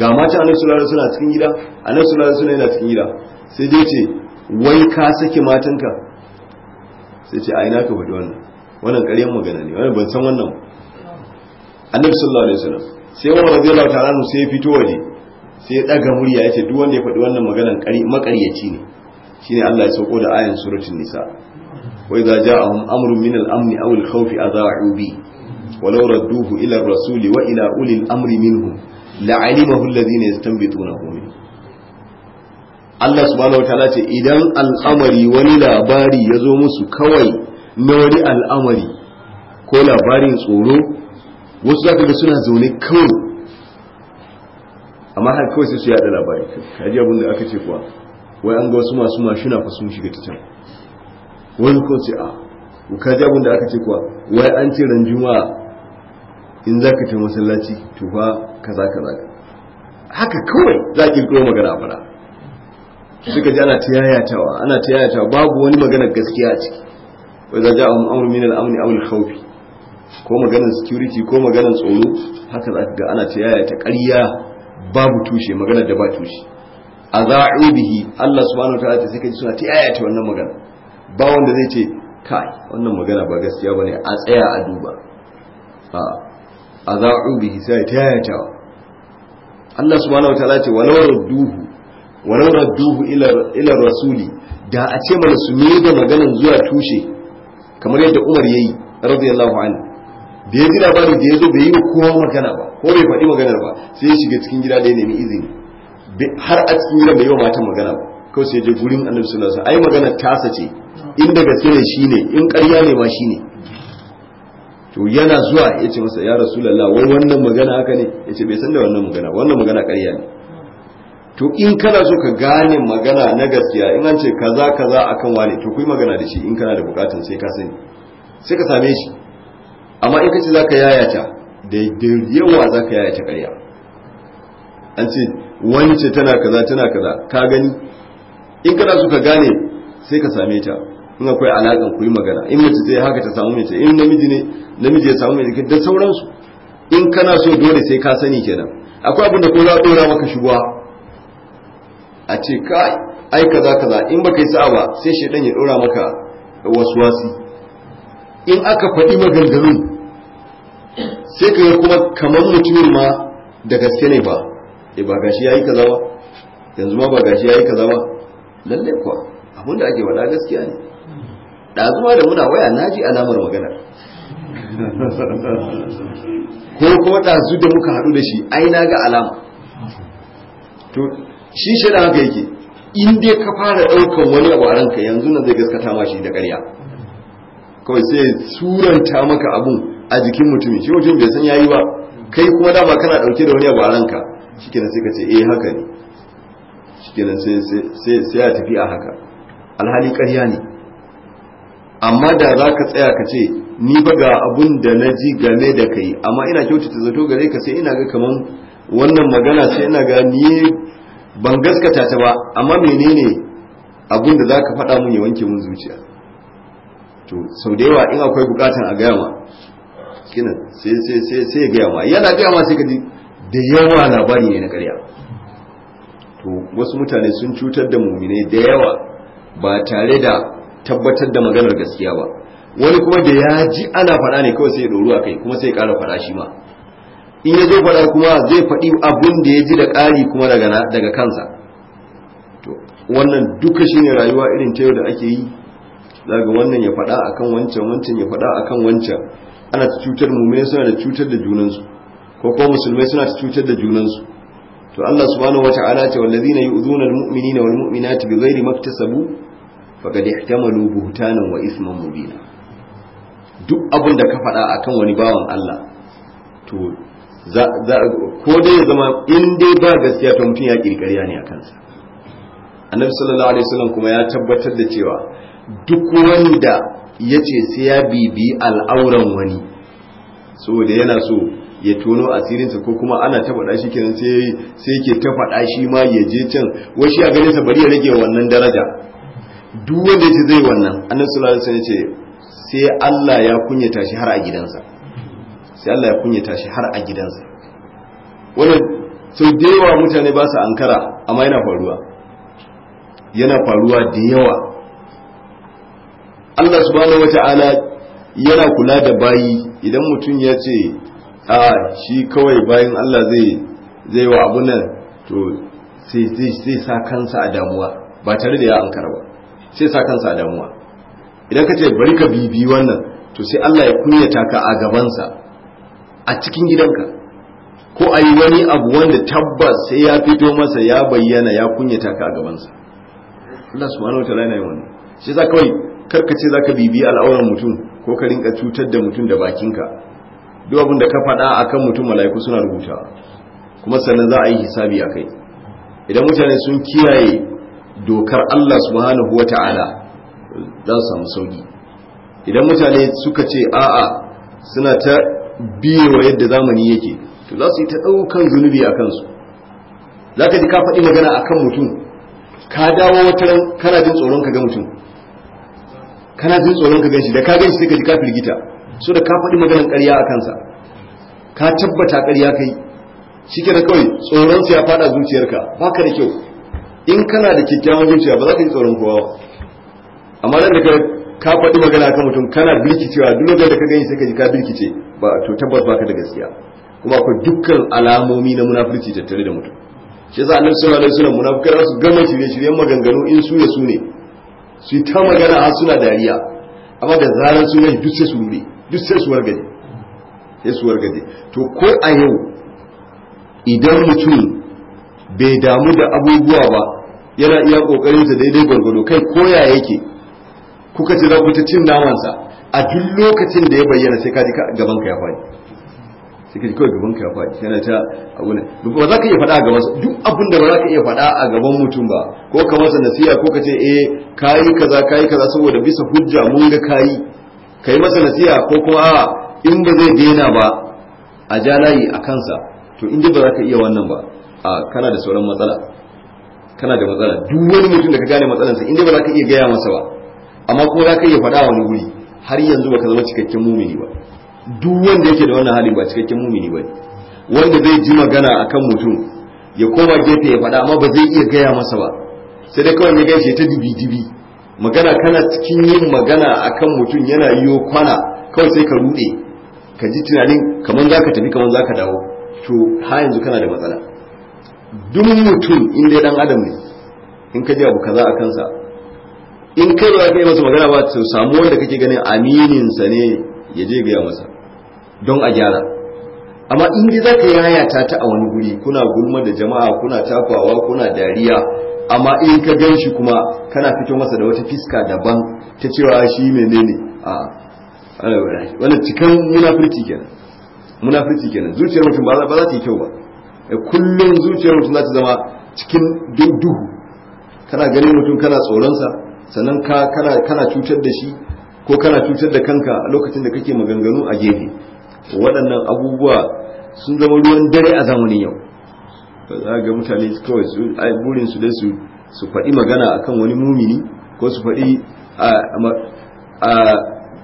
ga matan annabi sallallahu alaihi wasallam cikin gida annabi sallallahu alaihi yana cikin gida sai dai ce wai ka sake matanka sai ce a ina ka faɗi wannan wannan ƙaryan magana ne wannan ban san wannan annabi sallallahu alaihi wasallam sai umar radiyallahu ta'ala anhu sai fito waje sai ya daga murya yace duk wanda ya faɗi wannan maganan makaryaci ne shine Allah ya sauko da ayan suratul nisa wa idza ja'ahum amrun min al-amn aw al-khawf adha'u bi walau radduhu ila ar-rasul wa ila ulil amri minhum la'alimahu alladhina yastanbitunahu min Allah subhanahu wataala ce idan al'amari wani labari ya zo musu kawai na wani al'amari ko labarin tsoro wasu za ka ga suna zaune kawai amma har kawai sai su yada labari kaji abin da aka ce kuwa wai an ga wasu masu mashina fa sun shiga ta can wani ko ce a ah, kaji abin da aka ce kuwa wai an ce ran juma'a in za ka ta masallaci to fa kaza kaza haka kawai za ki kirkiro magana a fara suka ji ana ta ana ta babu wani magana gaskiya a ciki wai za ja'ahum amrun min al-amni aw al-khawfi ko maganin security ko maganin tsoro haka za ga ana ta yaya ta ƙarya babu tushe magana da ba tushe a za'u bihi Allah subhanahu wataala ta sai ka ji suna ta yaya ta wannan magana ba wanda zai ce kai wannan magana ba gaskiya bane a tsaya a duba a za'u bihi sai ta yaya ta Allah subhanahu wataala ce walau radduhu radduhu ila ila rasuli da a ce mana su ne da maganar zuwa tushe kamar yadda Umar yayi radiyallahu anhu da ya ji labarin da ya zo bai yi wa kowa magana ba ko bai faɗi maganar ba sai ya shiga cikin gida da ya nemi izini har a cikin gida bai yi wa matan magana ba kawai sai ya je gurin annabi sallallahu alaihi ai magana tasa ce in da shi ne in ƙarya ne ma ne to yana zuwa ya ce masa ya rasulullah wai wannan magana haka ne ya ce bai san da wannan magana wannan magana ƙarya ne to in kana so ka gane magana na gaskiya in an ce kaza kaza akan wane to kuyi magana da shi in kana da bukatun sai ka sani sai ka same shi amma in kace zaka yayata da yawa zaka yayata ƙarya an ce wani ce tana kaza tana kaza ka gani in kana so ka gane sai ka same ta in akwai alaƙa ku yi magana in mace ce haka ta samu mace in namiji ne namiji ya samu mace da sauransu in kana so dole sai ka sani kenan akwai abin da ko za a dora maka shugaba a ce kai ai kaza kaza in baka yi sa'a ba sai shedan ya dora maka wasi in aka faɗi maganganun sai ka kuma kamar mutumin ma da gaske ne ba e ba gashi yi kaza ba yanzu ma ba gashi yi kaza ba lalle kuwa abin da ake wada gaskiya ne ɗazuwa da muna waya na ji alamar magana ko kuma ɗazu da muka haɗu da shi ai na ga alama to shi da haka yake in dai ka fara ɗaukar wani abu a ranka yanzu na zai gaskata ma shi da ƙarya kawai sai suranta maka abun a jikin mutumi shi mutum bai san yayi ba kai kuma dama kana dauke da wani abu a ranka shikenan sai ka ce eh haka ne shikenan sai sai sai ya tafi a haka alhali ƙarya ne amma da za ka tsaya ka ce ni ba ga abun da na ji game da kai amma ina kyautata zato gare ka sai ina ga kaman wannan magana sai ina ga ni ban gaskata ta ba amma menene abun da za ka faɗa mun ya wanke mun zuciya to sau da yawa in akwai bukatan a gaya ma miskinan sai sai sai sai ya gaya ma yana gaya ma sai ka da yawa labari ne na karya to wasu mutane sun cutar da muminai da yawa ba tare da tabbatar da maganar gaskiya ba wani kuma da ya ji ana faɗa ne kawai sai ya ɗoru a kai kuma sai ya ƙara faɗa shi ma in ya zo faɗa kuma zai faɗi abin da ya ji da ƙari kuma daga kansa to wannan duka shine rayuwa irin ta yau da ake yi zaga wannan ya faɗa akan wancan wancan ya faɗa akan wancan ana ta cutar mummune suna da cutar da junansu ko kuma musulmai suna ta cutar da junansu to Allah subhanahu wata'ala ce wallazina yu'zuna almu'minina walmu'minati bighairi maktasabu faqad ihtamalu buhtanan wa isman mubina duk abin da ka faɗa akan wani bawan Allah to za ko dai ya zama in dai ba gaskiya to mutum ya kirkariya ne a kansa annabi sallallahu alaihi wasallam kuma ya tabbatar da cewa duk wanda Yace ce sai ya bibi al'auran wani saboda yana so ya tono asirinsa ko kuma ana ta faɗa shi kenan sai ke ta faɗa shi ma ya je can wasu a ganin sa bari ya rage wannan daraja duk wanda ce zai wannan annabi sallallahu alaihi wasallam ce sai Allah ya kunyata shi har a gidansa sai Allah ya kunyata shi har a gidansa wannan sau da yawa mutane ba su ankara amma yana faruwa yana faruwa da yawa Allah subhanahu wata'ala yana kula da bayi idan mutum ya ce a shi kawai bayan Allah zai zai wa abu nan to sai sai sa kansa a damuwa ba tare da ya an ba sai sa kansa a damuwa idan ka ce bari ka bibi wannan to sai Allah ya kunyata ka a gabansa a cikin gidanka ko a yi wani abu wanda tabbas sai ya fito masa ya bayyana ya kunyata ka a gabansa Allah subhanahu wataala yana yi wannan shi yasa kawai karka ce za ka bibiyi al'auran mutum ko ka rinka cutar da mutum da bakinka duk abin da ka faɗa a kan mutum mala'iku suna rubutawa kuma sannan za a yi hisabi a kai idan mutane sun kiyaye dokar allah subhanahu wa ta'ala za su samu sauki idan mutane suka ce a'a suna ta biye wa yadda zamani yake to za su yi ta ɗaukan zunubi a kansu za ka ji ka faɗi magana a kan mutum ka dawo wata ran kana jin tsoron ka ga mutum kana jin tsoron ka ganshi da ka ganshi sai ka ji ka firgita so da ka faɗi maganar ƙarya a kansa ka tabbata ƙarya kai shike da kawai tsoron ya faɗa zuciyarka ba ka da kyau in kana da kyakkyawan zuciya ba za ka yi tsoron kowa amma nan da ka ka faɗi magana kan mutum kana birkicewa duk lokacin da ka gani sai ka ji ka birkice ba to tabbas ka da gaskiya kuma akwai dukkan alamomi na munafurci tattare da mutum shi yasa annabi sallallahu alaihi wasallam munafikai za su gama shirye-shiryen maganganu in su ya su ne su yi ta magana a suna dariya amma da zarar suna duk sai su rure duk sai su wargaje sai su wargaje to ko a yau idan mutum bai damu da abubuwa ba yana iya kokarin sa daidai gwargwado kai koya yake kuka ce za ta cin namansa a duk lokacin da ya bayyana sai ka ji gaban ka ya faɗi. sai kai kawai gaban ka ya faɗi yana ta abu duk ba za ka iya faɗa a gaban duk abin da ba za ka iya faɗa a gaban mutum ba ko ka masa nasiha ko ka ce eh kayi kaza kayi kaza saboda bisa hujja mun ga kayi kai masa nasiha ko ko a in ba zai daina ba a ja layi a kansa to inda ba za ka iya wannan ba a kana da sauran matsala kana da matsala duk wani mutum da ka gane matsalarsa inda ba za ka iya gaya masa ba amma ko za ka iya faɗa wani wuri har yanzu ba ka zama cikakken mumini ba duk wanda yake da wannan hali ba cikakken mumini bane wanda zai ji magana akan mutum ya koma gefe ya faɗa amma ba zai iya gaya masa ba sai dai kawai ya gaishe ta dibi-dibi magana kana cikin yin magana akan mutum yana yiwo kwana kawai sai ka rude ka ji tunanin kamar za ka tafi kamar za ka dawo to ha yanzu kana da matsala duk mutum in dai dan adam ne in ka ji abu kaza a kansa in kai ba kai masa magana ba to samu wanda kake ganin aminin sa ne ya je gaya masa don a gyara amma in dai zaka yi hayata ta a wani guri kuna gulma da jama'a kuna tafawa kuna dariya amma in ka gan shi kuma kana fito masa da wata fiska daban ta cewa shi menene a wannan cikan munafurci kenan munafurci kenan zuciyar mutum ba za ta yi kyau ba eh, kullum zuciyar mutum za ta zama cikin duhu kana ganin mutum kana tsoronsa sannan kana cutar da shi ko kana cutar da kanka a lokacin da kake maganganu a gefe waɗannan abubuwa sun zama ruwan dare a zamanin yau za ga mutane kawai burin su dai su faɗi magana akan wani mumini ko su faɗi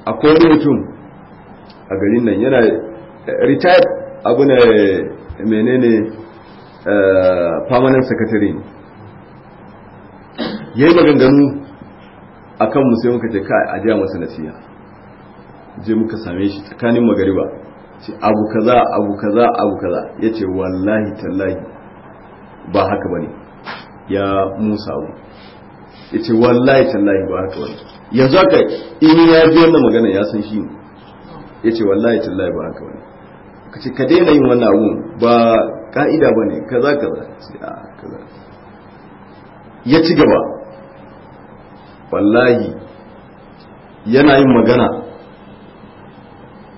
a kowane mutum a garin nan yana eh, retired abu na menene eh, permanent secretary ne ya yi maganganu a kan musayin ka je ajiya masa je muka same shi tsakanin magariba ce abu kaza abu kaza abu kaza ya ce wallahi tallahi ba haka bane ya musa wani ya ce wallahi tallahi ba haka bane yanzu haka in ya ji wannan magana ya san shi ya ce wallahi tallahi ba haka bane ka ce ka daina yin wannan abun ba ka'ida ba ne kaza kaza ce a ah, kaza ya ci gaba wallahi yana yin magana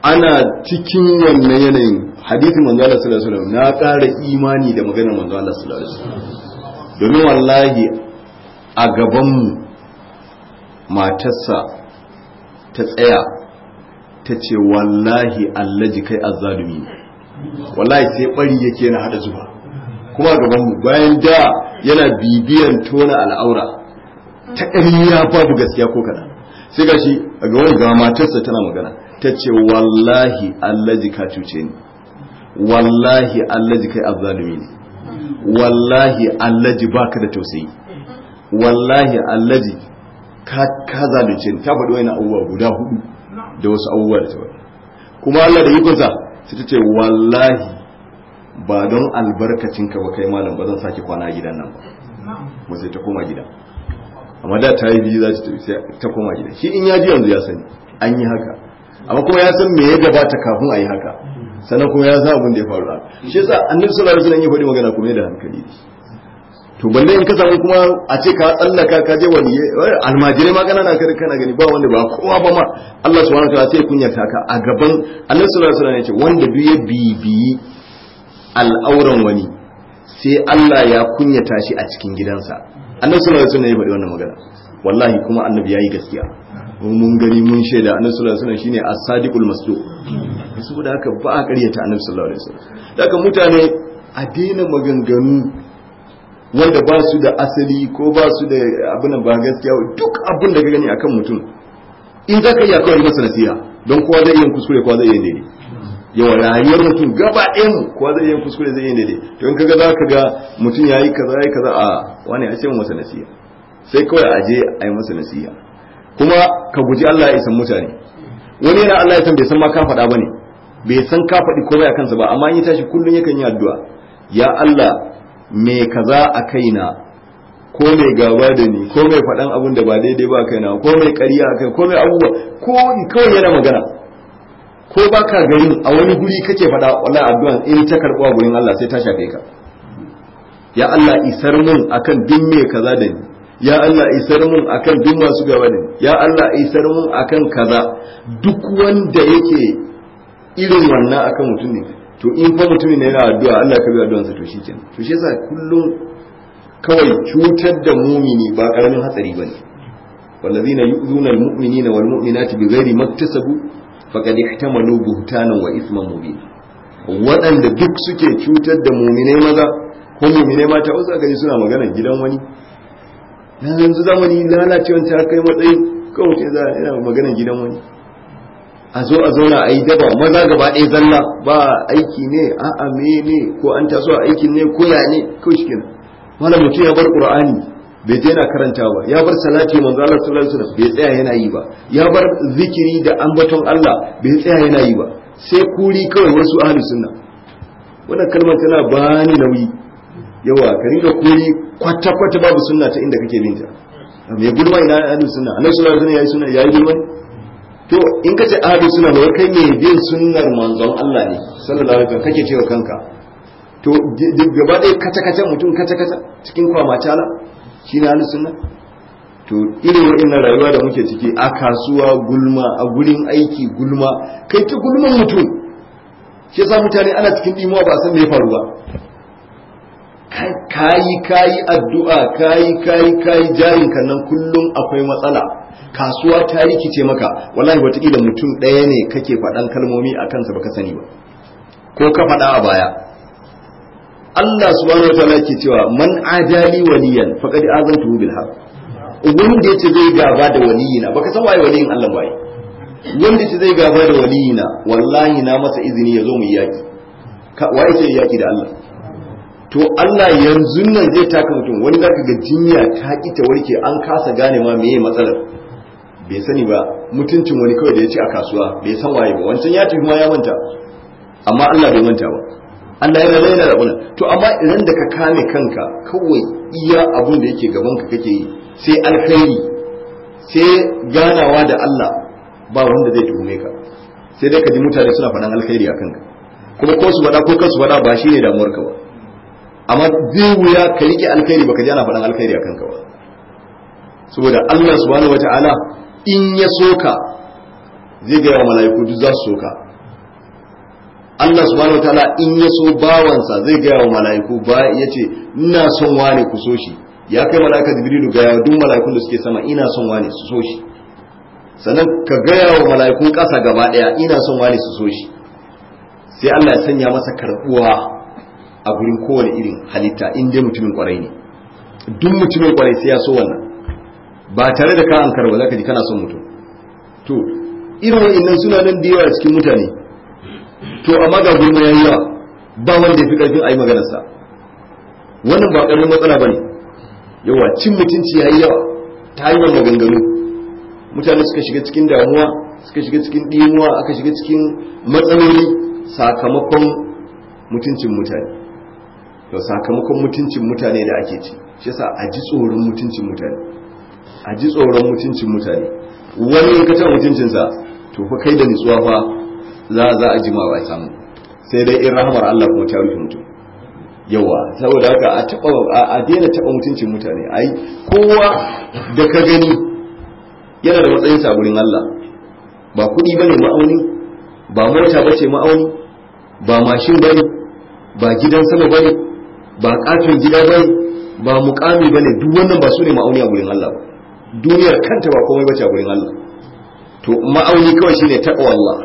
ana cikin wannan yanayin hadisin manzo Allah sallallahu alaihi wasallam na ƙara imani da maganar manzo Allah sallallahu alaihi wasallam domin wallahi a gaban mu matarsa ta tsaya ta ce wallahi allaji kai azzalumi ne wallahi sai bari yake na hada zuba kuma gaban mu bayan da yana bibiyan tona al'aura ta ya babu gaskiya ko kaɗan sai gashi a gaban ga matarsa tana magana ta ce wallahi allazi ka cuce ni wallahi allazi kai azzalumi ne wallahi allazi baka da tausayi wallahi allazi ka ka zalunce ni ta faɗi wani abubuwa guda hudu da wasu abubuwa da ta kuma Allah da ikonsa sai ta ce wallahi ba don albarkacin ka ba kai malam ba zan sake kwana gidan nan ba mu sai ta koma gida amma da ta yi biyu za ta koma gida shi in ya ji yanzu ya sani an yi haka amma kuma ya san me ya gabata kafin a yi haka sannan kuma ya san abin da ya faru a shi yasa annabi sallallahu alaihi wasallam faɗi magana kuma da hankali to balle in ka samu kuma a ce ka tsallaka ka je wani eh, almajirai ma kana na kare kana gani ba wanda ba kowa ba ma Allah subhanahu wataala sai kunya ta ka a gaban annabi sallallahu alaihi wasallam ya ce wanda duk ya bibiyi al'auran wani sai Allah ya kunyata shi a cikin gidansa annabi sallallahu alaihi wasallam ya faɗi wannan magana wallahi kuma annabi yayi gaskiya mun gani mun shaida annabi sallallahu alaihi wasallam shine as-sadiqul masduq saboda haka ba a ƙaryata annabi sallallahu alaihi wasallam daga mutane a daina maganganu wanda ba su da asali ko ba su da abin ba gaskiya duk abin da ka gani akan mutum in za ka iya kawai masa nasiha don kowa zai yi kuskure kowa zai yi daidai yawa rayuwar mutum gaba ɗaya mu kowa zai yi kuskure zai yi daidai to in kaga za ka ga mutum yayi kaza yayi kaza a wani a ce masa nasiha sai kawai a je a yi masa nasiha kuma ka guji Allah ya san mutane wani yana Allah ya san bai san ma ka faɗa bane bai san ka faɗi komai a kansa ba amma in ya tashi kullum yakan yi addu'a ya Allah me kaza a kaina ko mai gaba da ni ko mai faɗan abun da ba daidai ba a kaina ko mai ƙarya a kai ko mai abubuwa ko kawai yana magana ko ba ka gani a wani guri kake faɗa wallahi addu'an in ta karɓuwa gurin Allah sai ta shafe ka ya Allah isar mun akan duk me kaza da ni ya Allah isar mun akan duk masu gaba ne ya Allah isar mun akan kaza duk wanda yake irin wannan akan mutum ne to in fa mutum ne yana addu'a Allah ka bi sa to shi kenan to shi yasa kullum kawai cutar da mumini ba karamin hatsari bane والذين يؤذون المؤمنين والمؤمنات بغير ما اكتسبوا فقد احتملوا بهتانا واثما مبينا waɗanda duk suke cutar da muminai maza ko muminai mata wasu aka ji suna magana gidan wani yanzu zamani lalacewan ta kai matsayin kawai ce za a yana magana gidan wani a zo a zauna a yi daba maza gaba ɗaya zalla ba aiki ne a ame ne ko an taso a aikin ne ko ya ne kawai shi kenan wanda mutum ya bar qur'ani bai je na karanta ba ya bar salati manzo Allah sallallahu alaihi bai tsaya yana yi ba ya bar zikiri da ambaton Allah bai tsaya yana yi ba sai kuri kawai wasu ahli sunna wannan kalmar tana bani nauyi yawa ka ringa koyi kwata kwata babu sunna ta inda kake binta me gulma ina yi sunna annabi sallallahu alaihi wasallam suna ya yi gulma to in kace ahlus sunna ne kai ne bin sunnar manzon Allah ne sallallahu alaihi wasallam kake cewa kanka to gaba ɗaya kata-kata mutum kata-kata, cikin kwamacala shi ne ahlus sunna to irin waɗannan rayuwa da muke ciki a kasuwa gulma a gurin aiki gulma kai ta gulman mutum shi yasa mutane ana cikin dimuwa ba san me faru ba. kayi kayi addu'a kayi kayi kayi jarin ka nan kullum akwai matsala kasuwa ta rikice maka wallahi wataƙila mutum ɗaya ne kake faɗan kalmomi a kansa baka sani ba ko ka faɗa a baya Allah subhanahu wa ta'ala ke cewa man adali waliyan faqad azantu bil haqq wanda yace zai gaba da waliyina baka san waye waliyin Allah waye wanda yace zai gaba da waliyina wallahi na masa izini ya zo mu yaki waye ce yaki da Allah to Allah yanzu nan zai taka mutum wani zaka ga jinya ta ki ta warke an kasa gane ma meye matsalar bai sani ba mutuncin wani kawai da ya ci a kasuwa bai san waye ba wancan ya tafi ma ya manta amma Allah bai manta ba Allah yana da yana rabuna to amma idan da ka kame kanka kawai iya abun da yake gaban ka kake yi sai alkhairi sai ganawa da Allah ba wanda zai tuhume ka sai dai ka ji mutane suna faɗan alkhairi a kanka kuma ko su faɗa ko kansu faɗa ba shine damuwar ka ba amma zai wuya ka rike alkhairi baka ji ana faɗan alkhairi a kanka ba saboda Allah subhanahu ala in ya soka zai ga yawa mala'iku duk za su soka Allah subhanahu ala in ya so bawansa zai ga yawa mala'iku ba ya ce ina son wane ku so shi ya kai mala'ika jibrilu ga yawa duk mala'ikun da suke sama ina son wane su so shi sannan ka gaya wa mala'ikun ƙasa gaba ɗaya ina son wane su so shi sai Allah ya sanya masa karɓuwa a gurin kowane irin halitta in dai mutumin kwarai ne duk mutumin kwarai sai ya so wannan ba tare da ka an ba zaka ji kana son mutum to irin wa'annan suna nan da yawa cikin mutane to amma ga gurma yayi yawa ba wanda ya fi karfin ayi maganar sa wannan ba karamin matsala bane yawa cin mutunci yayi yawa ta hanyar maganganu mutane suka shiga cikin damuwa suka shiga cikin dimuwa aka shiga cikin matsaloli sakamakon mutuncin mutane da sakamakon mutuncin mutane da ake ci shi sa a ji tsoron mutuncin mutane a ji tsoron mutuncin mutane wani in ka mutuncinsa to fa kai da nutsuwa fa za za a jima ba samu sai dai in rahamar Allah kuma ta rufe mutum yawa saboda haka a taba a daina taba mutuncin mutane ai kowa da ka gani yana da matsayin sa gurin Allah ba kuɗi bane ma'auni ba mota bace ma'auni ba mashin bane ba gidan sama bane ba katon gida ba ba mukami ba ne duk wannan ba su ne ma'auni a gurin Allah ba duniyar kanta ba komai bace a gurin Allah to ma'auni kawai shine taqwa Allah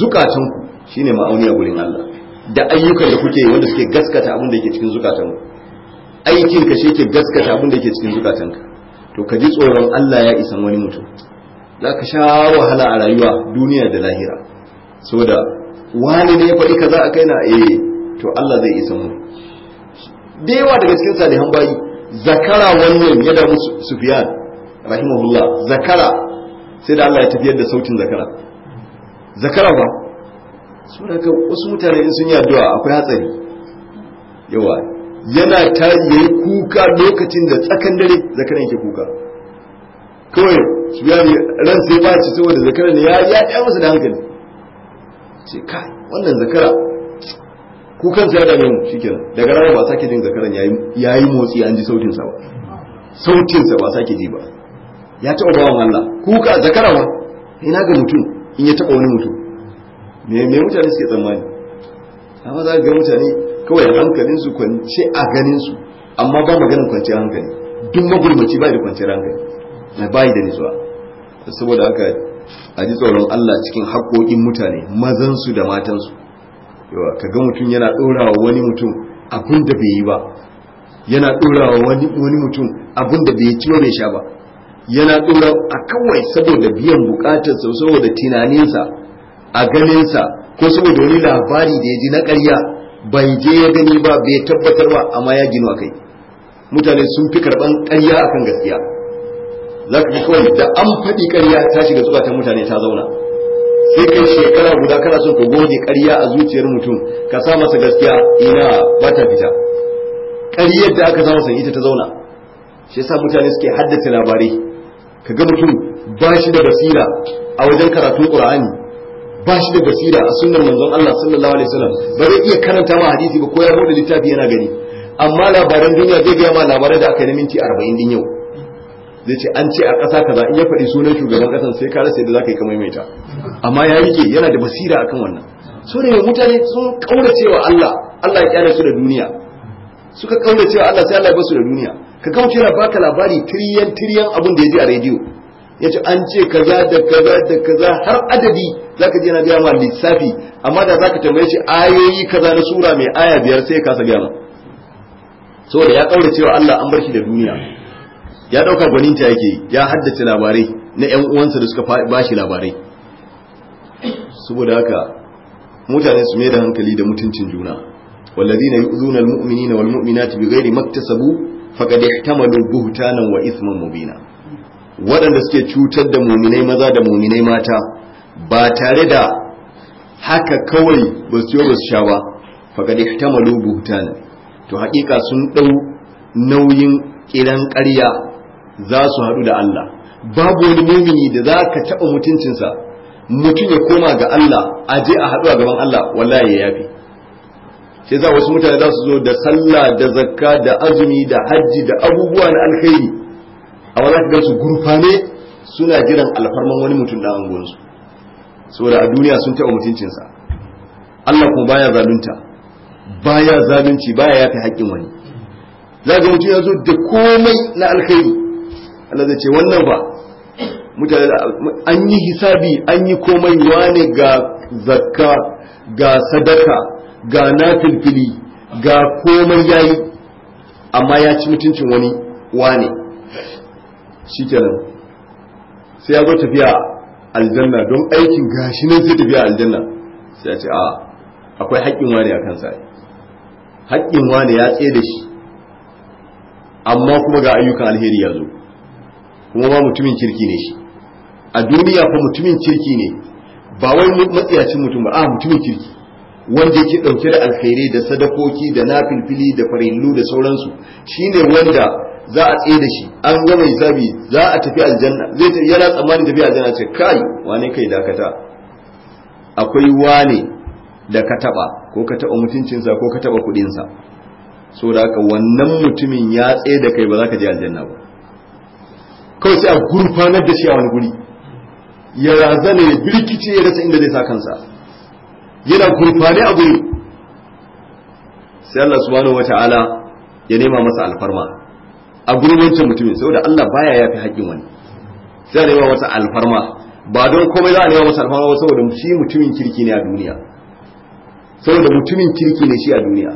zukatun ku shine ma'auni a gurin Allah da ayyukan da kuke yi wanda suke gaskata abin da yake cikin zukatun ku aikin ka shi yake gaskata abin da yake cikin zukatun ka to ka ji tsoron Allah ya isan wani mutum za ka sha wahala a rayuwa duniya da lahira saboda wani ne ya faɗi kaza a kaina eh to Allah zai isa mu da yawa daga cikin salihan bayi zakara wannan ya damu sufiyan rahimahullah zakara sai da Allah ya tafiyar da sautin zakara zakara ba saboda ka wasu mutane in sun yi addu'a akwai hatsari yawa yana ta yi kuka lokacin da tsakan dare zakara yake kuka kawai su sufiyan ran sai ba shi saboda zakara ne ya ya masa da hankali ce kai wannan zakara ku kansa da dame mu kenan daga rana ba sake jin zakaran ya yi motsi an ji sautin sa ba sautin sa ba sake ji ba ya taɓa bawan Allah kuka zakara ba ina ga mutum in ya taɓa wani mutum me me mutane suke tsammani amma za ga mutane kawai hankalin su kwance a ganin su amma ba maganin a hankali duk magulmaci bai da kwance hankali na bai da nutsuwa saboda haka a ji tsoron Allah cikin haƙoƙin mutane mazan su da matan su ka ga mutum yana ɗorawa wani mutum abin da bai yi ba yana ɗorawa wani mutum abin da bai ci bai sha ba yana ɗorawa a kawai saboda biyan bukatarsa saboda tunaninsa a ganinsa ko saboda wani labari da ya ji na ƙarya bai je ya gani ba bai tabbatar ba amma ya gino a kai mutane sun fi karɓan ƙarya akan gaskiya za ka kawai da an faɗi ƙarya ta shiga zuwa ta mutane ta zauna sai kai shekara guda kana so ka goge ƙarya a zuciyar mutum ka sa masa gaskiya ina ba ta fita ƙaryar da aka sa ita ta zauna shi yasa mutane suke haddace labarai ka ga mutum ba shi da basira a wajen karatun qur'ani ba shi da basira a sunnar manzon Allah sallallahu alaihi wasallam ba zai iya karanta ma hadisi ba ko ya rubuta littafi yana gani amma labaran duniya zai ga ma labarai da aka yi na minti 40 din yau zai ce an ce a ƙasa kaza in ya faɗi sunan shugaban ƙasan sai ka rasa yadda za ka yi kamar maita amma ya yi ke, yana da basira akan wannan so da mutane sun ƙaura cewa Allah Allah ya kyale su da duniya suka ƙaura cewa Allah sai Allah ya basu da duniya ka kauce na baka labari tiriyan tiriyan abin da ya ji a rediyo ya ce an ce kaza da kaza da kaza har adadi za ka je na biya ma lissafi amma da za ka tambaye shi ayoyi kaza na sura mai aya biyar sai ka kasa gyara saboda ya ƙaura cewa Allah an bar shi da duniya ya ɗauka gwaninta yake ya haddace labarai na yan uwansa da suka ba shi labarai saboda haka mutane su mai da hankali da mutuncin juna wallazina yu'zuna almu'minina walmu'minati bighairi maktasabu faqad ihtamalu buhtanan wa ithman mubina waɗanda suke cutar da muminai maza da muminai mata ba tare da haka kawai ba su ba su sha ba faqad ihtamalu buhtanan to haƙiƙa sun ɗau nauyin kiran ƙarya za su haɗu da Allah babu wani mumini da za ka taɓa mutuncinsa mutum ya koma ga Allah a je a haɗu a gaban Allah wallahi ya yafi sai za wasu mutane za su zo da sallah da zakka da azumi da hajji da abubuwa na alkhairi a wani ka su gurfane suna jiran alfarman wani mutum da angonsu saboda a duniya sun taɓa mutuncinsa Allah kuma baya zalunta baya zalunci baya yafi haƙƙin wani za ga mutum ya zo da komai na alkhairi Allah zai ce wannan ba mutane an yi hisabi an yi komai wane ga zakka ga sadaka ga nafilfili ga komai yayi amma ya ci mutuncin wani wane shikenan sai ya zo tafiya aljanna don aikin gashi nan sai tafiya aljanna sai ya ce a akwai haƙƙin wane a kansa haƙƙin wane ya tsaye da shi amma kuma ga ayyukan alheri ya zo kuma ba mutumin kirki ne shi a duniya fa mutumin kirki ne ba wai matsayacin mutum ba a mutumin kirki wanda yake dauke da alkhairai da sadakoki da nafilfili da farillu da sauransu shine wanda za a tsaye da shi an gama hisabi za a tafi aljanna zai ta yana tsammanin tafi aljanna ce kai wane kai dakata akwai wane da ka taba ko ka taba mutuncinsa ko ka taba kuɗinsa? saboda haka wannan mutumin ya tsaye da kai ba za ka je aljanna ba kawai sai a gurfanar da shi a wani guri ya razana ya birkice ya rasa inda zai sa kansa yana gurfane a guri sai Allah subhanahu wata'ala ya nema masa alfarma a gurin wancan mutumin saboda Allah baya ya fi haƙƙin wani sai a nema masa alfarma ba don komai za a nema masa alfarma ba saboda shi mutumin kirki ne a duniya saboda mutumin kirki ne shi a duniya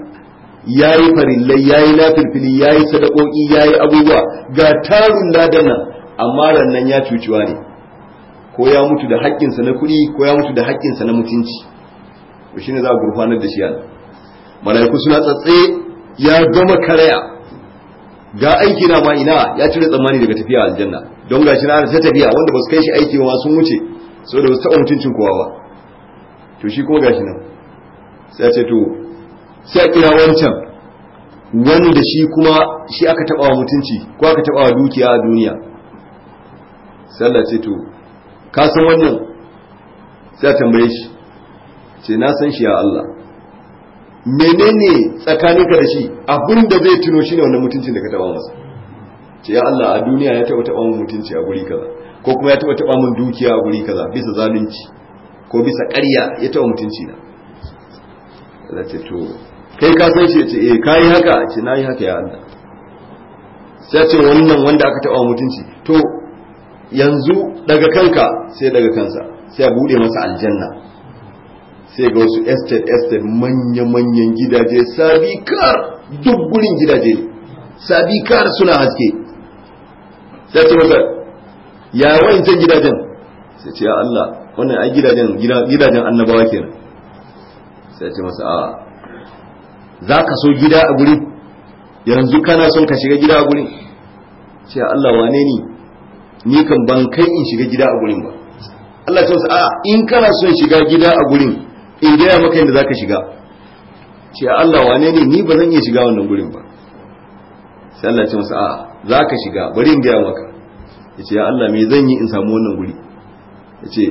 ya yi farillai ya yi lafirfili ya yi sadakoki ya yi abubuwa ga tarun ladana amma rannan ya cuciwa ne ko ya mutu da haƙƙinsa na kuɗi ko ya mutu da haƙƙinsa na mutunci to ne za a gurfanar da shi yana malaiku suna tsatse ya gama karaya ga aiki na ma ina ya cire tsammani daga tafiya aljanna don gashi na ta tafiya wanda ba su kai shi aiki ba sun wuce saboda ba su taɓa mutuncin kowa ba to shi kuma gashi nan sai ce to sai a kira wancan wanda shi kuma shi aka taɓa wa mutunci ko aka taɓa wa dukiya a duniya sallah ce to ka san wannan sai tambaye shi ce na san shi ya Allah menene tsakaninka da shi abin da zai tuno shi ne wannan mutuncin da ka taba masa ce ya Allah a duniya ya taba taba mun mutunci a guri kaza ko kuma ya taba taba mun dukiya a guri kaza bisa zalunci ko bisa ƙarya ya taba mutunci na Allah ce to kai ka san shi ce eh kai haka ce nayi haka ya Allah sai ce wannan wanda aka taba mutunci to yanzu daga kanka sai daga kansa sai a bude masa aljanna sai ga wasu estate estate manya-manyan gidaje sabikar duk gurin gidaje sabikar suna haske sai ce masa ya wancan gidajen sai ce ya Allah wannan ai gidajen gidajen annabawa kenan sai ce masa a za ka so gida a guri yanzu kana son ka shiga gida a guri ce Allah wane ni ni kan ban kai in shiga gida a gurin ba Allah ta a in kana son shiga gida a gurin in gaya maka yadda zaka shiga ce Allah wane ne ni ba zan iya shiga wannan gurin ba sai Allah ta masa a zaka shiga bari in gaya maka yace ya Allah me zan yi in samu wannan guri yace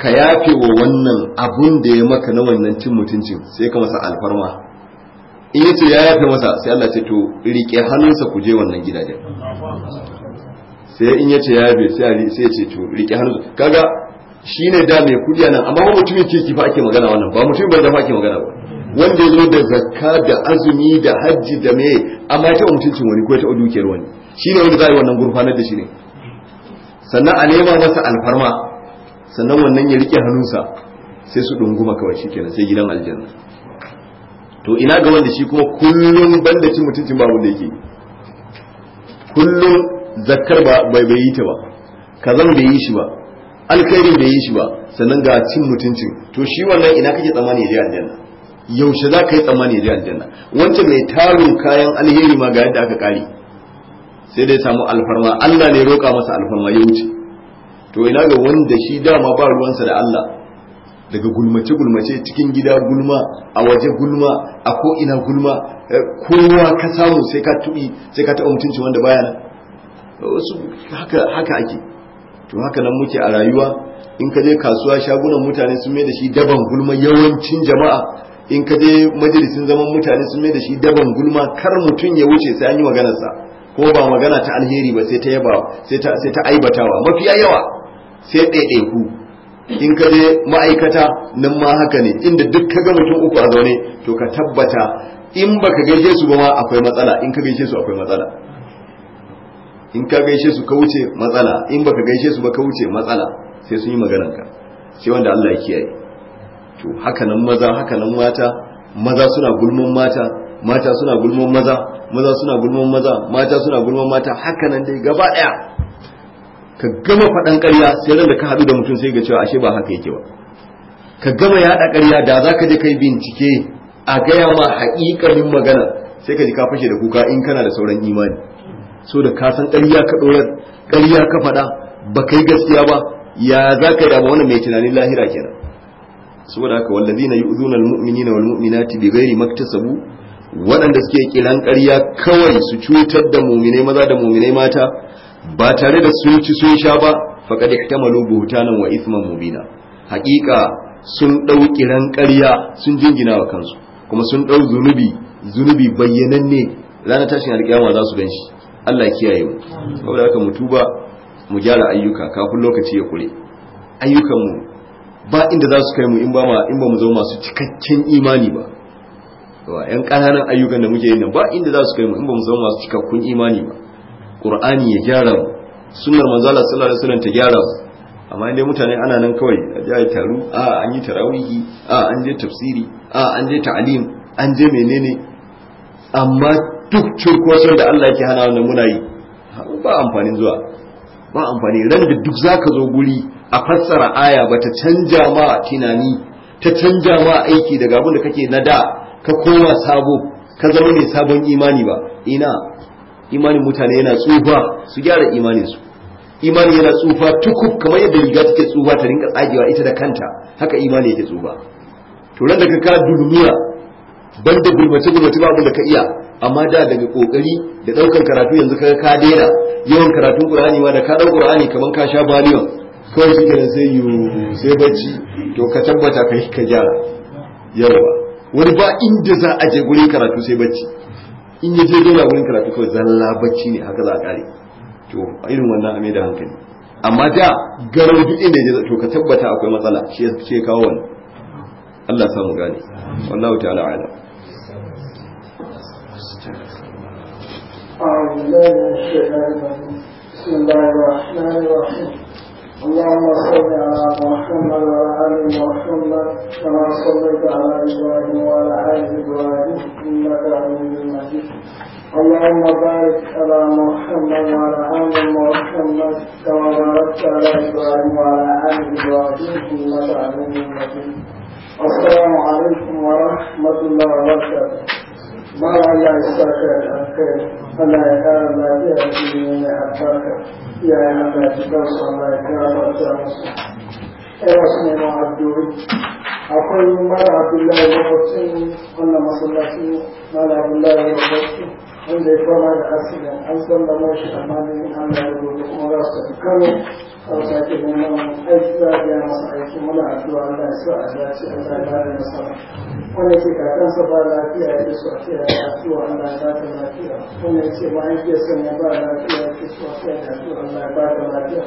ka yafe wa wannan abun da ya maka na wannan cin mutuncin sai ka masa alfarma in yace ya yafe masa sai Allah ce to rike hannunsa ku je wannan gidajen sai in yace ya yabe sai ali sai yace to rike hannu kaga shine da mai kudi nan amma ba mutumin kirki fa ake magana wannan ba mutumin banza fa ake magana ba wanda ya zo da zakka da azumi da hajji da me amma ya taɓa mutuncin wani ko ya taɓa dukiyar wani shine wanda za a yi wannan gurfanar da shi ne sannan a nema masa alfarma sannan wannan ya rike hannunsa sai su dunguma kawai shikenan sai gidan aljanna to ina ga wanda shi kuma kullum banda cin mutuncin babu da yake kullum zakkar ba bai yi ta ba kazan bai yi shi ba alkhairin bai yi shi ba sannan ga cin mutuncin to shi wannan ina kake tsammani ya aljanna yaushe za ka yi tsammani ya aljanna wancan mai tarin kayan alheri ma ga yadda aka kare sai dai samu alfarma Allah ne roƙa masa alfarma ya wuce to ina ga wanda shi dama ba ruwansa da Allah daga gulmace gulmace cikin gida gulma a waje gulma a ko ina gulma eh, kowa ka samu sai ka tubi sai ka taɓa mutuncin wanda baya nan wasu haka ake to haka nan muke a rayuwa in ka je kasuwa shagunan mutane sun mai da shi daban gulma yawancin jama'a in ka je majalisin zaman mutane sun mai da shi daban gulma kar mutum ya wuce sai an yi maganarsa ko ba magana ta alheri ba sai ta yaba sai ta aibatawa mafiya yawa sai ɗaiɗaiku in ka je ma'aikata nan ma haka ne inda duk ka ga mutum uku a zaune to ka tabbata in baka gaishe su ba ma akwai matsala in ka gaishe su akwai matsala in ka gaishe su ka wuce matsala in baka gaishe su ba ka wuce matsala sai sun yi maganar ka sai wanda Allah ya kiyaye to haka nan maza haka nan mata maza suna gulman mata mata suna gulman maza maza suna gulman maza mata suna gulman mata haka nan dai gaba daya ka gama faɗan ƙarya sai ran da ka haɗu da mutum sai ga cewa ashe ba haka yake ba ka gama yaɗa ƙarya da za ka je kai bincike a gaya ma haƙiƙanin magana sai ka ji ka fashe da kuka in kana da sauran imani so da ka san ƙarya ka ɗorar ƙarya ka faɗa ba kai gaskiya ba ya za ka yi abu wannan mai tunanin lahira kenan saboda haka na yu'zuna almu'minina walmu'minati bighairi maktasabu waɗanda suke kiran ƙarya kawai su cutar da muminai maza da muminai mata ba tare da su ci sun sha ba faqad ihtamalu buhtanan wa ithman mubina haƙiƙa sun ɗau kiran ƙarya sun jingina wa kansu kuma sun ɗau zunubi zunubi bayyananne ranar tashin alƙiyama za su gan shi Allah ya kiyaye mu saboda haka mu tuba mu gyara ayyuka kafin lokaci ya kure ayyukan mu ba inda za su kai mu in ba ma in ba mu zo masu cikakken imani ba Wa yan ƙananan ayyukan da muke yi nan ba inda za su kai mu in ba mu zo masu cikakkun imani ba qur'ani ya gyara mu sunnar manzo Allah sallallahu alaihi wasallam ta gyara mu amma indai mutane ana nan kawai a ji taru a an yi tarawihi a an je tafsiri a an je ta'alim an je menene amma duk cirkoson da Allah yake hana wannan muna yi ba amfanin zuwa ba amfani ran da duk zaka zo guri a fassara aya ba ta canja ma tunani ta canja ma aiki daga abin da kake nada da ka koma sabo ka zama mai sabon imani ba ina imanin mutane yana tsufa su gyara imanin su imani yana tsufa tukuf kamar yadda riga take tsufa ta rinka tsagewa ita da kanta haka imani yake tsufa to ran da ka ka dulmiya ban da gulmace gulmace ba abin da ka iya amma da daga kokari da daukan karatu yanzu kaga ka daina yawan karatun qur'ani ma da ka dau qur'ani kaman ka sha baliyon kawai shi kenan sai yu sai bacci to ka tabbata kai ka gyara yawa wani ba inda za a je gurin karatu sai bacci in ya je dole gurin karatu kawai zalla bacci ne haka za a kare to irin wannan ame da hankali amma da garin duk inda ya je to ka tabbata akwai matsala shi ya kawo wannan Allah samu gane wallahu ta'ala a'lam أعوذ بالله من الشيطان الرجيم بسم الله الرحمن الرحيم اللهم صل على محمد وعلى آل محمد كما صليت على إبراهيم وعلى آل إبراهيم إنك حميد مجيد اللهم بارك على محمد وعلى آل محمد كما باركت على إبراهيم وعلى آل إبراهيم إنك حميد مجيد السلام عليكم ورحمة الله وبركاته malaya ya sa ka da kai Allah ya kara lafiya a taka iyayen Allah ya na su Allah ya kara ta musu ɗaya su ne ma addu'o'i akwai mara abdullahi ya wacce wannan masallaci mara abdullahi ya wanda ya fama sauta ke kuma aiki za a biya aiki muna a dace Allah ya bada masa wanda ke ba lafiya ya ke so a fiye da addu'a ya ba lafiya ya ke so a fiye da addu'a Allah ya bada lafiya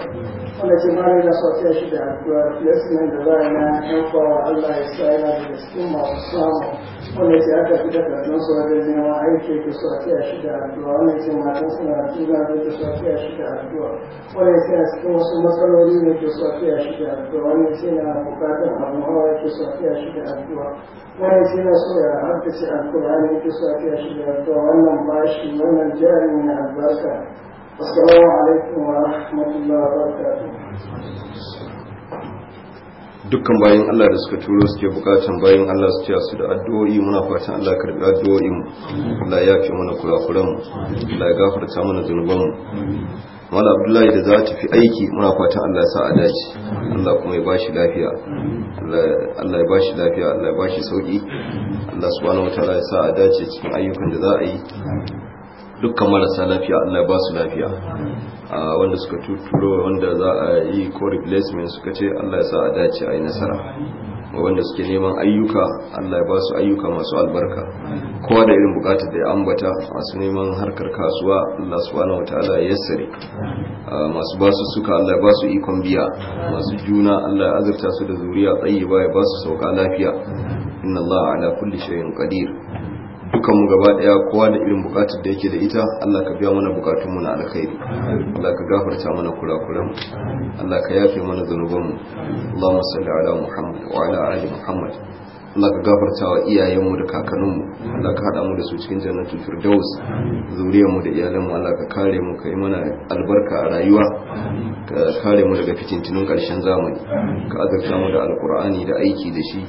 wanda ke mara yana so a shi da addu'a fiye da za a na yan Allah ya sa yana da cikin masu samun wanda ce aka fi daga nan su wajen neman aiki ke su a tiya shi da addu'a wanda ce matan suna juna da ke su a tiya shi da addu'a wanda ce a cikin wasu matsaloli ne ke su a tiya shi da addu'a wanda ce na bukatar abu hawa ke su a tiya shi da addu'a wanda ce na so ya haddace alkur'ani ke su a tiya shi da addu'a wannan bashi wannan jari na albarka assalamu alaikum wa rahmatullahi wa barakatuh dukkan bayan Allah da suka turo suke bukatan bayan Allah su ciya su da addu'o'i muna fatan Allah karbi addu'o'i mu Allah ya fi mana kurakuran mu Allah ya gafarta mana zunuban mu Mala Abdullahi da za ta fi aiki muna fatan Allah sa a dace Allah kuma ya bashi lafiya Allah ya bashi lafiya Allah ya bashi sauki Allah subhanahu wataala ya sa a dace cikin ayyukan da za a yi dukkan marasa lafiya Allah ba su lafiya wanda suka tuturo wanda za a yi ko replacement suka ce Allah ya sa a dace a yi nasara wanda suke neman ayyuka Allah ya ba su ayyuka masu albarka kowa da irin bukatar da ya ambata masu neman harkar kasuwa Allah subhanahu wataala ya sare masu ba su suka Allah ya ba su ikon biya masu juna Allah ya azurta su da zuriya ba ya ba su sauka lafiya inna Allah ala kulli shay'in qadir dukkanmu gaba daya kowa da irin bukatar da yake da ita Allah ka biya mana bukatunmu na alkhairi Allah ka gafarta mana kurakuran Allah ka yafe mana zanubanmu Allahumma salli ala Muhammad wa ala ali Muhammad Allah ka gafarta wa iyayenmu da kakanninmu Allah ka haɗa mu da su cikin jannatul firdaus zuriyarmu da iyalanmu Allah ka kare mu ka yi mana albarka a rayuwa ka kare mu daga fitintunin ƙarshen zamani ka azurta mu da alkur'ani da aiki da shi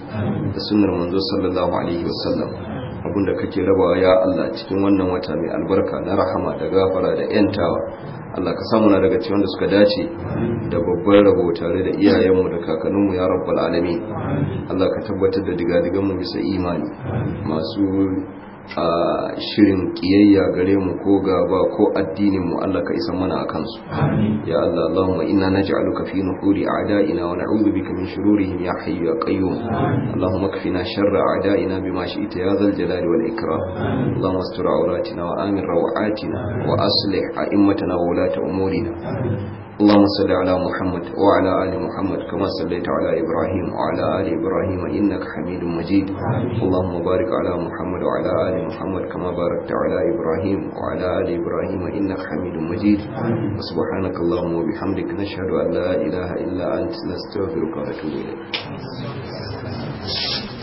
da sunnar manzo sallallahu alaihi wasallam abinda da kake rabawa ya Allah cikin wannan wata mai albarka na rahama da gafara da yantawa Allah ka samu na daga cikin da suka dace da babban rabo tare da iyayenmu da kakanninmu ya rabbal alamin Allah ka tabbatar da digadiganmu bisa imani masu a shirin kiyayya gare mu ko gaba ko addinin mu Allah ka isa mana a kansu ya Allah Allahumma inna naj'aluka fi nuhuri a'da'ina wa na'udhu bika min shururihim ya hayyu ya qayyum Allahumma kfina sharra a'da'ina bima shi'ta ya dhal jalali wal ikram Allahumma astur awratina wa amin rawatina wa aslih a'immatana wa ulata umurina اللهم صل على محمد وعلى آل محمد كما صليت على إبراهيم وعلى آل إبراهيم إنك حميد مجيد اللهم بارك على محمد وعلى آل محمد كما باركت على إبراهيم وعلى آل إبراهيم إنك حميد مجيد سبحانك اللهم وبحمدك نشهد أن لا إله إلا أنت نستغفرك ونتوب إليك